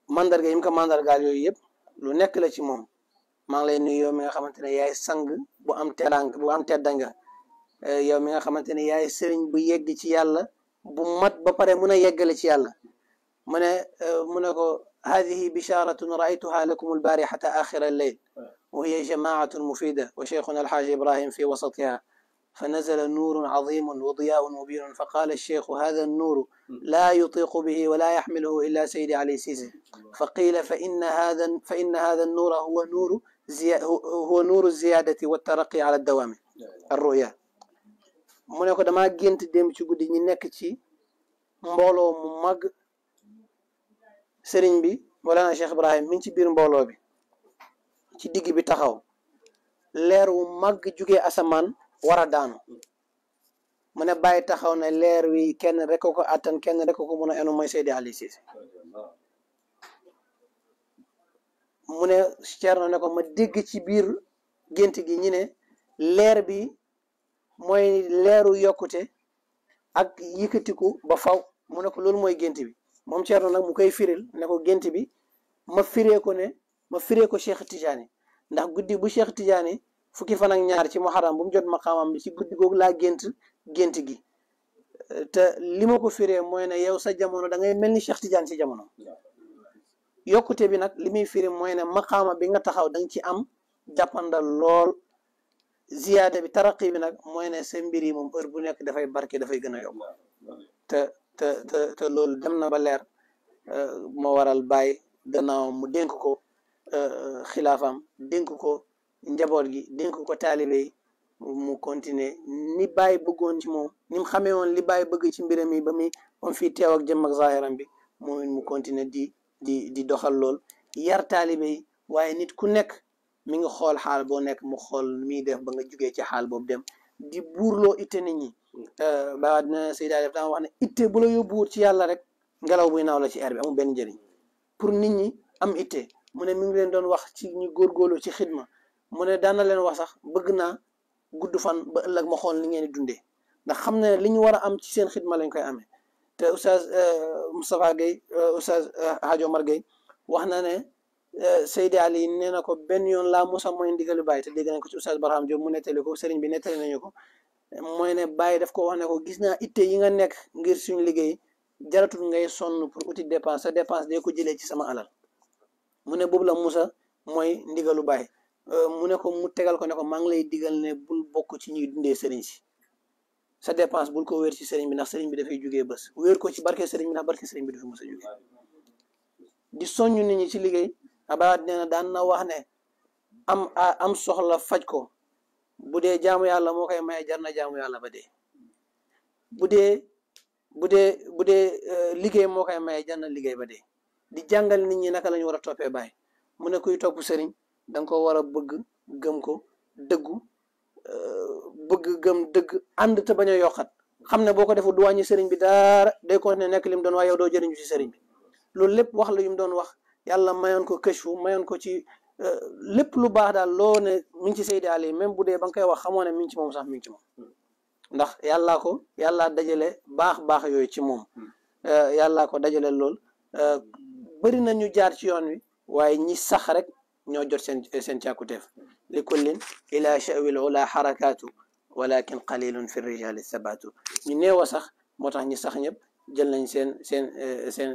ماندر جاي يمكن ماندر قال يجيب لو نكلة شيء مهم ما لي نيو مين خمن تنا سانغ بو أم تيرانغ بو أم تير دانغا آه، يوم مين خمن تنا ياي سرين بو يجي شيء يلا بو مات منا يجي له منا منا كو هذه بشارة رأيتها لكم البارحة آخر الليل آه. وهي جماعة مفيدة وشيخنا الحاج إبراهيم في وسطها فنزل نور عظيم وضياء مبين فقال الشيخ هذا النور لا يطيق به ولا يحمله إلا سيدي علي سيسي فقيل فإن هذا فإن هذا النور هو نور هو نور الزيادة والترقي على الدوام الرؤيا مونيكو ne ko ديم سي غودي ني نيك سي nekk ci mbooloo mu mag sëriñ bi Mawlana Cheikh Ibrahim mi ngi ci biir mbooloo bi ci digg bi taxaw leer wu mag jugee asamaan war a daanu mu ne bàyyi taxaw ne leer wi kenn rek ko attan kenn rek ko mën a enu mooy Seydi Ali Cissé mu ne Ceerno ne ko ma dégg ci biir gént gi ñu ne leer bi mooy leeru yokkute ak yëkkatiku ba faw mu ne ko loolu mooy gént bi moom na nag mu koy firil ne ko gént bi ma firee ko ne ma firee ko Cheikh Tidiane ndax guddi bu Cheikh Tidiane fukki fan ñaar ci muharram bu mu jot maqaamam ci guddi googu laa gént gént gi te li ma ko firee mooy ne yow sa jamono dangay mel ni Cheikh Tidiane si jamono yokkute bi nag li muy firi mooy ne maqaama bi nga taxaw da ci am jàppandal lool ziyaada bi taraqi bi nag mooy ne sa mbir yi moom heure bu nekk dafay barke dafay gën a yokk te te te te loolu dem na ba leer euh, moo waral bàyyi gannaawam mu dénk ko euh, xilaafaam dénk ko njaboot gi dénk ko taalibe yi mu continuer ni bàyyi bëggoon ci moom ni mu xamee woon li bàyyi bëgg ci mbiram yi ba muy moom fii teew ak jëm ak zahiram bi moom mu continuer di di di doxal lool yar taalibe waaye nit ku nekk mi ngi xool xaal boo nekk mu xool miy def ba nga jugee ci xaal boobu dem di buur buurloo itte ni ñi euh, ba dina saydaa def dama wax ne itte bu la yóbbuwut ci yàlla rek ngelaw buy naaw la ci air bi amul benn njëriñ pour nit ñi am itte mu ne mi ngi leen doon wax ci ñu góorgóorlu ci xidma mu ne daan na leen wax sax bëgg na gudd fan ba ëllëg ma xool ni ngeen di dundee ndax xam ne li ñu war a am ci seen xidma lañ koy amee te oustaz euh, Moustapha Guèye euh, oustaz euh, Hadj mar Guèye wax na ne Seydi Ali ne na ko benn yoon laa Moussa mooy ndigalu Baye te dégg nañ ko ci oustaz Barham Diop mu nettali ko sëriñ bi ne nañu ko mooy ne Baye def ko wax ne ko gis naa itte yi nga nekk ngir suñu liggéey jaratul ngay sonn pour uti dépense sa de ko jëlee ci sama alal mu ne boobu la musa mooy ndigalu Baye. Euh, mu ne ko mu tegal ko ne ko maa ngi lay digal ne bul bokk ci ñuy dundee sëriñ si sa dépense bul ko wéer ci sëriñ bi ndax sëriñ bi dafay jugee bés wéer ko ci barke sëriñ bi ndax barke sëriñ bi dafay mos a jugee di soññ nit ci liggéey abaat nee na na wax ne am am soxla faj ko bu dee jaamu yàlla moo koy maye jar na yàlla ba dee bu dee bu dee bu euh, liggéey moo koy maye liggéey ba dee di jàngal nit ñi naka lañu ñu war a toppee bàyyi mu ne kuy topp sëriñ danga ko war a bëgg gëm ko dëggu euh, bëgg gëm dëgg ànd te bañ a yokkat xam ne boo ko defee du ñi sëriñ bi dara day ko ne nekk lim doon waaye yow doo jëriñu ci sëriñ bi loolu lépp wax la yu mu doon wax yàlla mayoon ko kashfu mayoon ko ci euh, lépp lu baax daal loo ne mi ngi ci Seydi Ali même bu dee ba nga koy wax xamoo ne mi ngi ci moom sax mi ngi ci moom ndax yàllaa ko yàllaa dajale baax baax yooyu ci moom euh, yàllaa ko dajale lool bëri na ñu jaar ci yoon wi waaye ñi sax rek ñoo jot seen seen càkkuteef li kullin ila chawil ula xarakaatu walakin qalilun fi rijali sabatu ñu neew a sax moo tax ñi sax ñëpp jël nañ seen seen eh, seen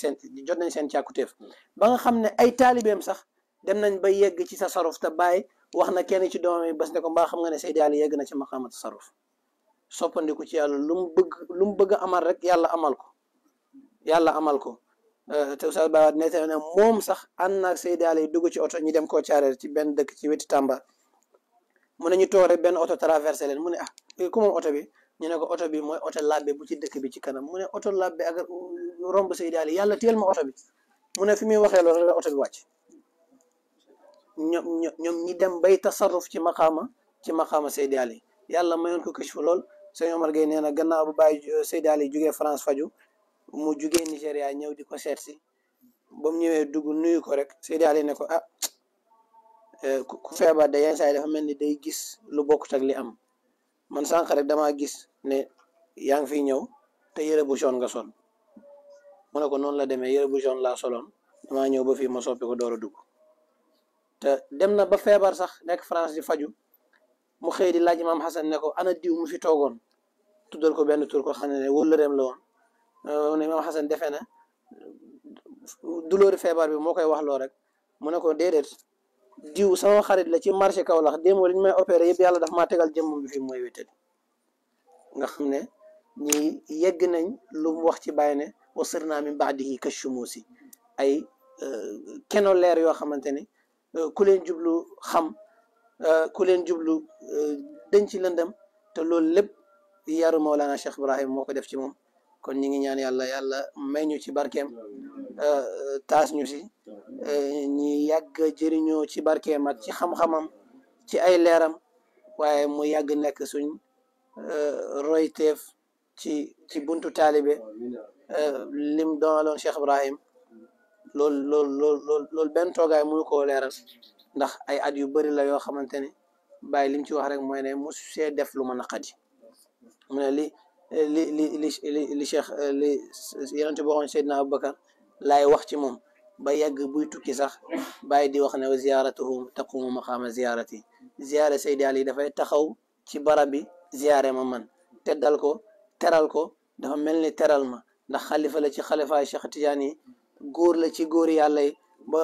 seen jot nañ seen càkkuteef ba nga xam ne ay taalibeem sax dem nañ ba yegg ci tasaruf te baay wax na kenn ci doom yi bés ne ko mbaa xam nga ne Seydi Ali yegg na ci maqaama tasaruf soppandiku ci yàlla lu mu bëgg lu mu bëgg amal rek yàlla amal ko yàlla amal ko Euh, te Oustaz Babaat nettali na moom sax ànd naag Seydi Ali dugg ci oto ñu dem koo caareer ci benn dëkk ci weti Tamba mu ne ñu toog benn oto traversé leen mu ne ah ku moom oto bi ñu ne ko oto bi mooy oto labbe bu ci dëkk bi ci kanam mu ne oto labbe ak uh, romb Seydi Ali yàlla teel ma oto bi mu ne fi muy waxee loolu la oto bi wàcc ñoom ñi dem bay tasarruf ci maqaama ci maxama Seydi Ali yàlla mayoon ko kashfu lool sëñ Omar Gueye nee na gannaaw bu bàyyi euh, Seydi Ali jugee France faju mu jugee Nigéria ñëw di ko seet si ba ñëwee dugg nuyu ko rek Seydi Ali ne ko ah euh, ku feebar de yenn saa yi dafa mel ni day gis lu bokkut ak li am man sànq rek damaa gis ne yaa ngi fiy ñëw te yére bu jaune nga son mu ne ko noonu la demee yére bu jaune laa soloon damaa ñëw ba fii ma soppi ko door a dugg te dem na ba feebar sax nekk France di faju mu xëy di laaj Maam Xasan ne ko ana diw mu fi toogoon tuddal ko benn tur ko xam ne ne wëllëreem la woon Euh, ne Imam Xasan defe na dulóori feebar bi moo koy waxloo rek mu ne ko déedéet diw sama xarit la ci marché Kaolack démb li ñu may opéré yëpp yàlla daf maa tegal jëmm bi fi mooy wétali nga xam ne ñi yegg nañ lu wax ci bàyyi ne wasir naa min baadihi ka shumuusi ay euh, keno leer yoo xamante ne euh, ku leen jublu xam ku leen jublu denc lëndam te loolu lépp yaru Mawlana Cheikh Ibrahim moo ko def ci moom kon ñu ngi ñaan yàlla yàlla may ci barkeem euh, taas ñu si euh, ñi yàgg jëriñoo ci barkeem mag ci xam-xamam ci ay leeram waaye mu yàgg nekk suñ euh, royteef ci ci buntu taalibe lim doonaloon Cheikh Ibrahim loolu loolu loolu loolu benn toogaay mënu koo leeral ndax ay at yu bëri la yoo xamante ne bàyyi lim ci wax rek mooy ne mosu see def lu ma naqadi mu ne li li li li li li cheikh eh, li yonente boo xam seydina aboubacar laay wax ci moom ba yàgg buy tukki sax bàyyi di wax ne ziaratuhu taqumu maqaama ziarati ziare Seydi Ali dafay taxaw ci barab bi ziare ma man teddal ko teral ko dafa mel ni teral ma ndax xalifa la ci xalifaay cheikh Tidiane yi góor la ci góor yàlla yi ba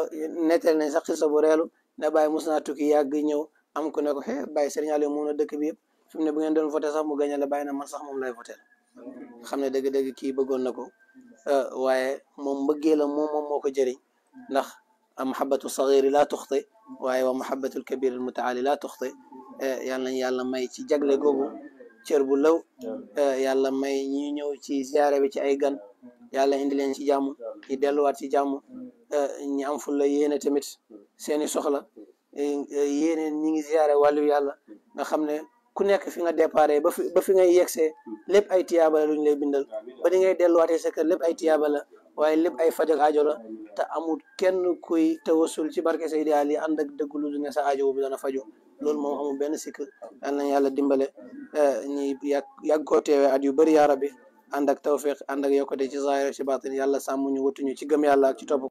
nañ sax xisa bu reelu ne bàyyi mos naa tukki yàgg ñëw am ku ne ko xe bàyyi Sëriñ Ali mun a dëkk bi yëpp fi mu ne bu ngeen doon voté sax mu gagné la bàyyi na man sax moom lay voté xam ne dëgg-dëgg kii bëggoon na ko euh, waaye moom mbëggee la moom moom moo ko jëriñ ndax mahabatu sagiri laa tuxte waaye wa mahabatul kabir al mutaali laa tuxte euh, yàlla nañ yàlla may ci jagle googu cër bu law euh, yàlla may ñi ñëw ci ziyaare bi ci ay gan yàlla indi leen ci jàmm ñi delluwaat ci jàmm ñi am fu la tamit seeni soxla yéene ñi ngi ziyaare wàllu nga xam ne ku nekk fi nga déparé ba fi ba fi ngay yegsee lépp ay tiyaaba la lu ñu lay bindal ba di ngay delluwaatee sa lépp ay tiyaaba la waaye lépp ay faj ak aajo la te amul kenn kuy tawasul ci barke Seydi Ali ànd ak dëgg lu ne sa aajo bi dana faju loolu moom amul benn sikk yal nañ yàlla dimbale eh, ñi yàgg yàggoo teewee at yu bëri yaara bi ànd ak tawfiq ànd ak yokkute ci zaahir ci baatin yàlla sàmm ñu ci gëm yàlla ak ci topp